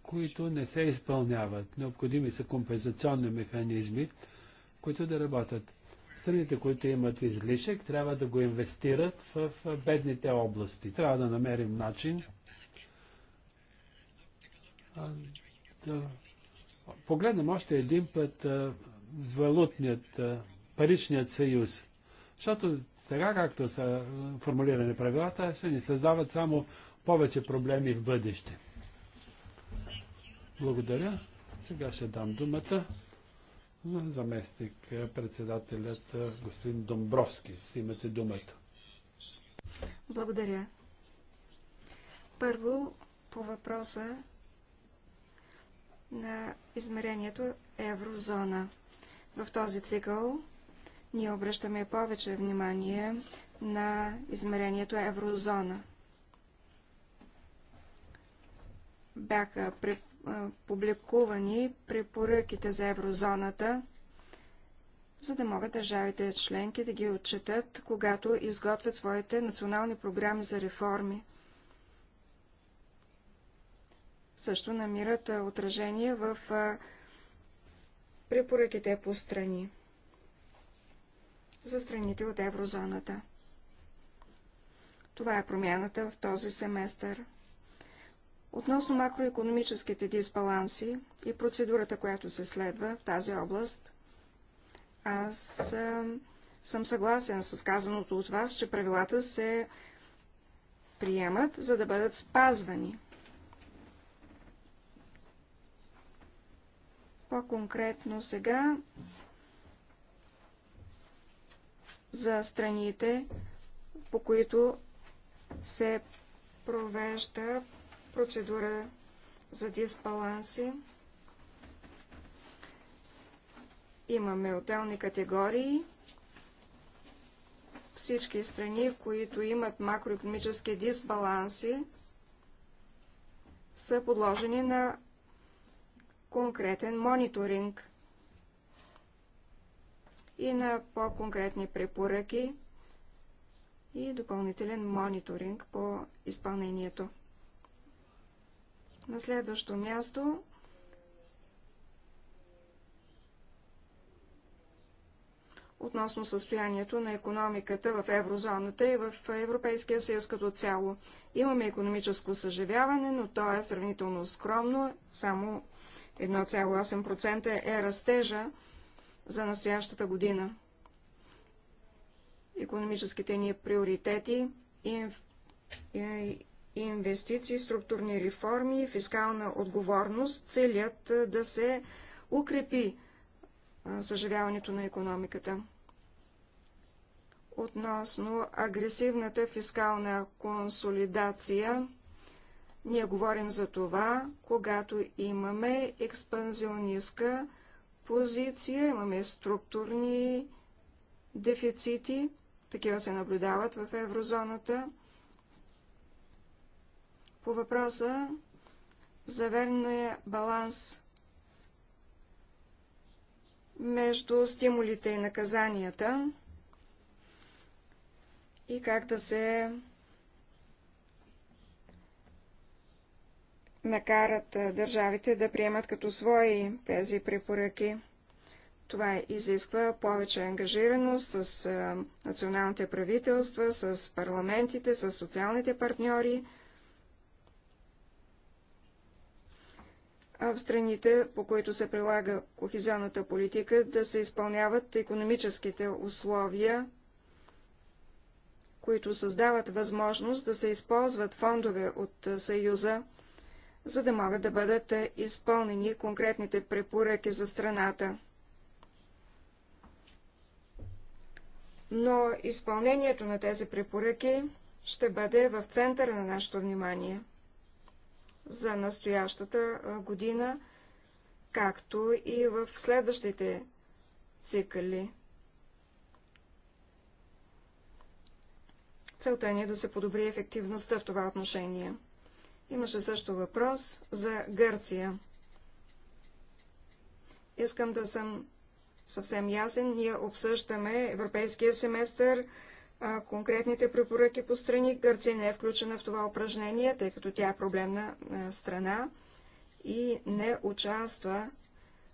които не се изпълняват. Необходими са компенсационни механизми, които да работят. Страните, които имат излишък, трябва да го инвестират в бедните области. Трябва да намерим начин да погледнем още един път валутният, паричният съюз. Защото сега, както са формулирани правилата, ще ни създават само повече проблеми в бъдеще. Благодаря. Сега ще дам думата на заместник председателят господин Домбровски. Имате думата. Благодаря. Първо по въпроса на измерението еврозона. В този цикъл ние обръщаме повече внимание на измерението еврозона. Бяха пред публикувани препоръките за еврозоната, за да могат държавите членки да ги отчетат, когато изготвят своите национални програми за реформи. Също намират отражение в препоръките по страни за страните от еврозоната. Това е промяната в този семестър. Относно макроекономическите дисбаланси и процедурата, която се следва в тази област, аз съм съгласен с казаното от вас, че правилата се приемат, за да бъдат спазвани. По-конкретно сега за страните, по които се провежда процедура за дисбаланси. Имаме отделни категории. Всички страни, които имат макроекономически дисбаланси, са подложени на конкретен мониторинг и на по-конкретни препоръки и допълнителен мониторинг по изпълнението. На следващо място относно състоянието на економиката в еврозоната и в Европейския съюз като цяло. Имаме економическо съживяване, но то е сравнително скромно, само 1,8% е растежа за настоящата година. Економическите ни приоритети и инвестиции, структурни реформи и фискална отговорност целят да се укрепи съживяването на економиката. Относно агресивната фискална консолидация, ние говорим за това, когато имаме експанзионистка позиция, имаме структурни дефицити, такива се наблюдават в еврозоната, по въпроса за верния баланс между стимулите и наказанията и как да се накарат държавите да приемат като свои тези препоръки. Това изисква повече ангажираност с националните правителства, с парламентите, с социалните партньори. в страните, по които се прилага кохезионната политика, да се изпълняват економическите условия, които създават възможност да се използват фондове от Съюза, за да могат да бъдат изпълнени конкретните препоръки за страната. Но изпълнението на тези препоръки ще бъде в центъра на нашето внимание – за настоящата година, както и в следващите цикли. Целта ни е да се подобри ефективността в това отношение. Имаше също въпрос за Гърция. Искам да съм съвсем ясен. Ние обсъждаме европейския семестър, конкретните препоръки по страни. Гърция не е включена в това упражнение, тъй като тя е проблемна страна и не участва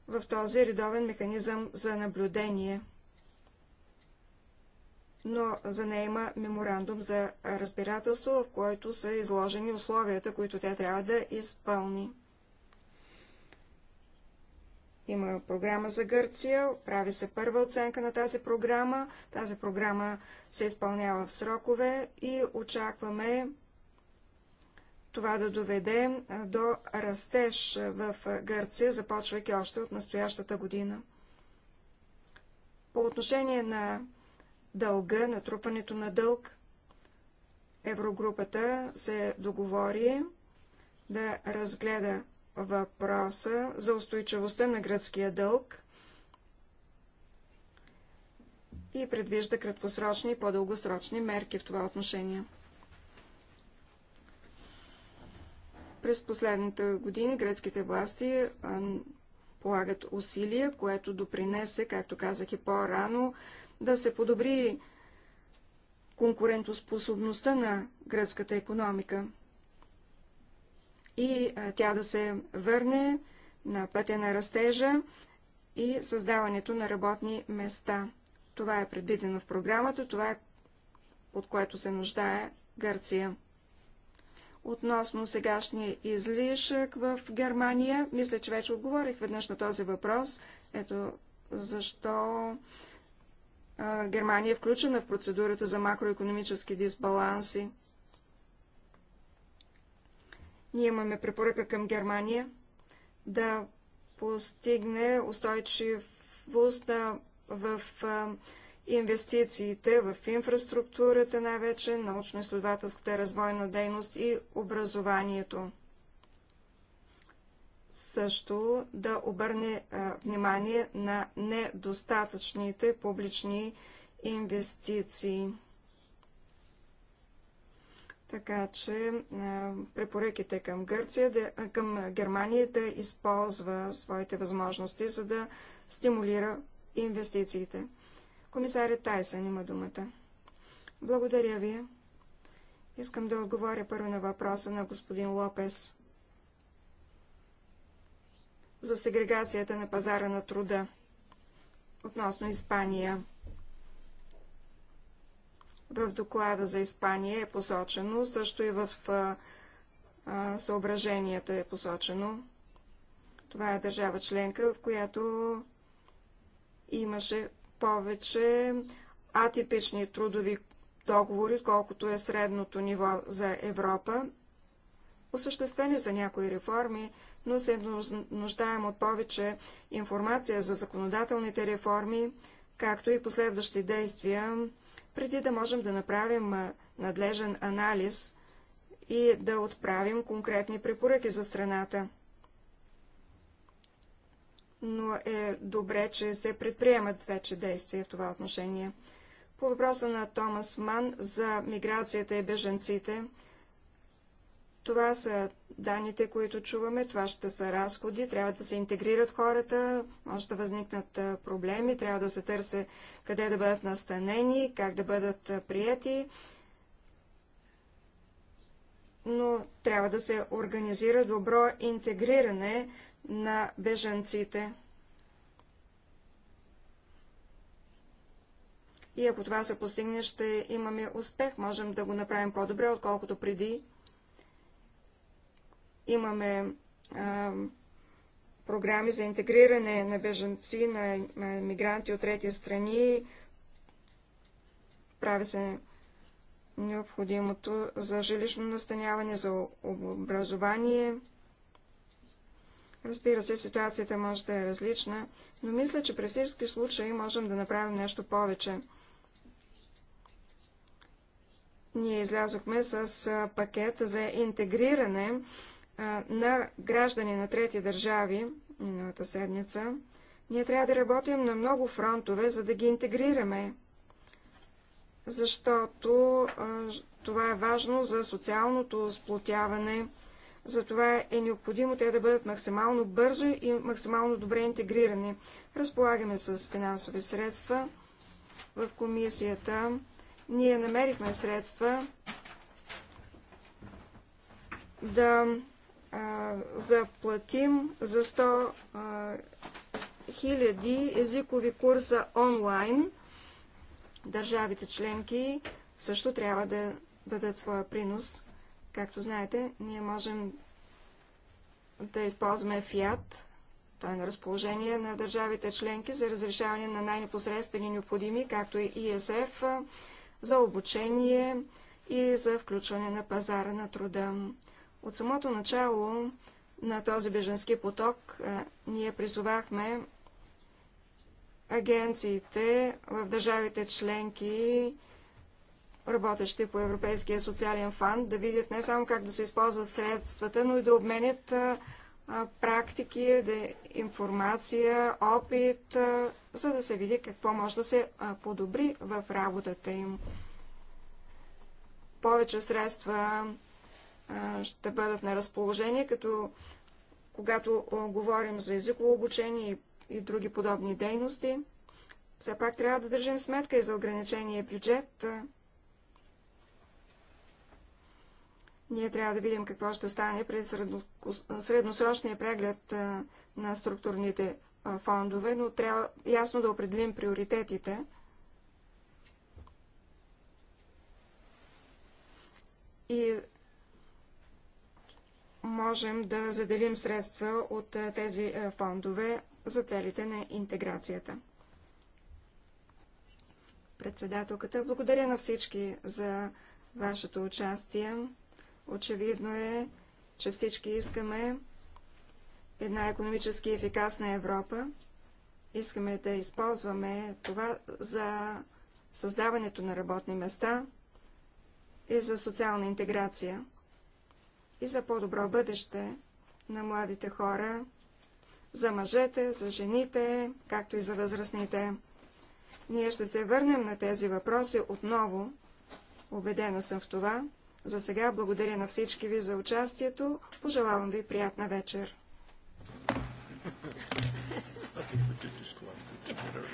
в този редовен механизъм за наблюдение. Но за нея има меморандум за разбирателство, в който са изложени условията, които тя трябва да изпълни. Има програма за Гърция, прави се първа оценка на тази програма. Тази програма се изпълнява в срокове и очакваме това да доведе до растеж в Гърция, започвайки още от настоящата година. По отношение на дълга, натрупването на дълг, Еврогрупата се договори да разгледа въпроса за устойчивостта на гръцкия дълг и предвижда краткосрочни и по-дългосрочни мерки в това отношение. През последните години гръцките власти полагат усилия, което допринесе, както казах и по-рано, да се подобри конкурентоспособността на гръцката економика и тя да се върне на пътя на растежа и създаването на работни места. Това е предвидено в програмата, това е от което се нуждае Гърция. Относно сегашния излишък в Германия, мисля, че вече отговорих веднъж на този въпрос. Ето защо Германия е включена в процедурата за макроекономически дисбаланси. Ние имаме препоръка към Германия да постигне устойчивост в инвестициите в инфраструктурата, най-вече научно-изследователската развойна дейност и образованието. Също да обърне а, внимание на недостатъчните публични инвестиции. Така че е, препоръките към, Гърция, е, към Германия да използва своите възможности, за да стимулира инвестициите. Комисарят Тайсън има думата. Благодаря ви. Искам да отговоря първо на въпроса на господин Лопес за сегрегацията на пазара на труда относно Испания. В доклада за Испания е посочено, също и в съображенията е посочено. Това е държава членка, в която имаше повече атипични трудови договори, колкото е средното ниво за Европа. Осъществени са някои реформи, но се нуждаем от повече информация за законодателните реформи, както и последващи действия преди да можем да направим надлежен анализ и да отправим конкретни препоръки за страната. Но е добре, че се предприемат вече действия в това отношение. По въпроса на Томас Ман за миграцията и беженците, това са данните, които чуваме, това ще са разходи, трябва да се интегрират хората, може да възникнат проблеми, трябва да се търсе къде да бъдат настанени, как да бъдат прияти, но трябва да се организира добро интегриране на бежанците. И ако това се постигне, ще имаме успех, можем да го направим по-добре, отколкото преди. Имаме програми за интегриране на бежанци, на мигранти от трети страни. Прави се необходимото за жилищно настаняване, за образование. Разбира се, ситуацията може да е различна, но мисля, че при всички случаи можем да направим нещо повече. Ние излязохме с пакет за интегриране на граждани на трети държави миналата седмица, ние трябва да работим на много фронтове, за да ги интегрираме, защото това е важно за социалното сплотяване, затова е необходимо те да бъдат максимално бързо и максимално добре интегрирани. Разполагаме с финансови средства в комисията. Ние намерихме средства да заплатим за 100 хиляди езикови курса онлайн. Държавите членки също трябва да дадат своя принос. Както знаете, ние можем да използваме фиат. Той е на разположение на държавите членки за разрешаване на най-непосредствени необходими, както и ИСФ, за обучение и за включване на пазара на труда. От самото начало на този беженски поток е, ние призовахме агенциите в държавите членки, работещи по Европейския социален фонд, да видят не само как да се използват средствата, но и да обменят е, е, практики, да, информация, опит, за да се види какво може да се подобри в работата им. Повече средства ще бъдат на разположение, като когато говорим за езиково обучение и други подобни дейности. Все пак трябва да държим сметка и за ограничения бюджет. Ние трябва да видим какво ще стане при средносрочния преглед на структурните фондове, но трябва ясно да определим приоритетите. И можем да заделим средства от тези фондове за целите на интеграцията. Председателката, благодаря на всички за вашето участие. Очевидно е, че всички искаме една економически ефикасна Европа. Искаме да използваме това за създаването на работни места и за социална интеграция и за по-добро бъдеще на младите хора, за мъжете, за жените, както и за възрастните. Ние ще се върнем на тези въпроси отново. Обедена съм в това. За сега благодаря на всички ви за участието. Пожелавам ви приятна вечер.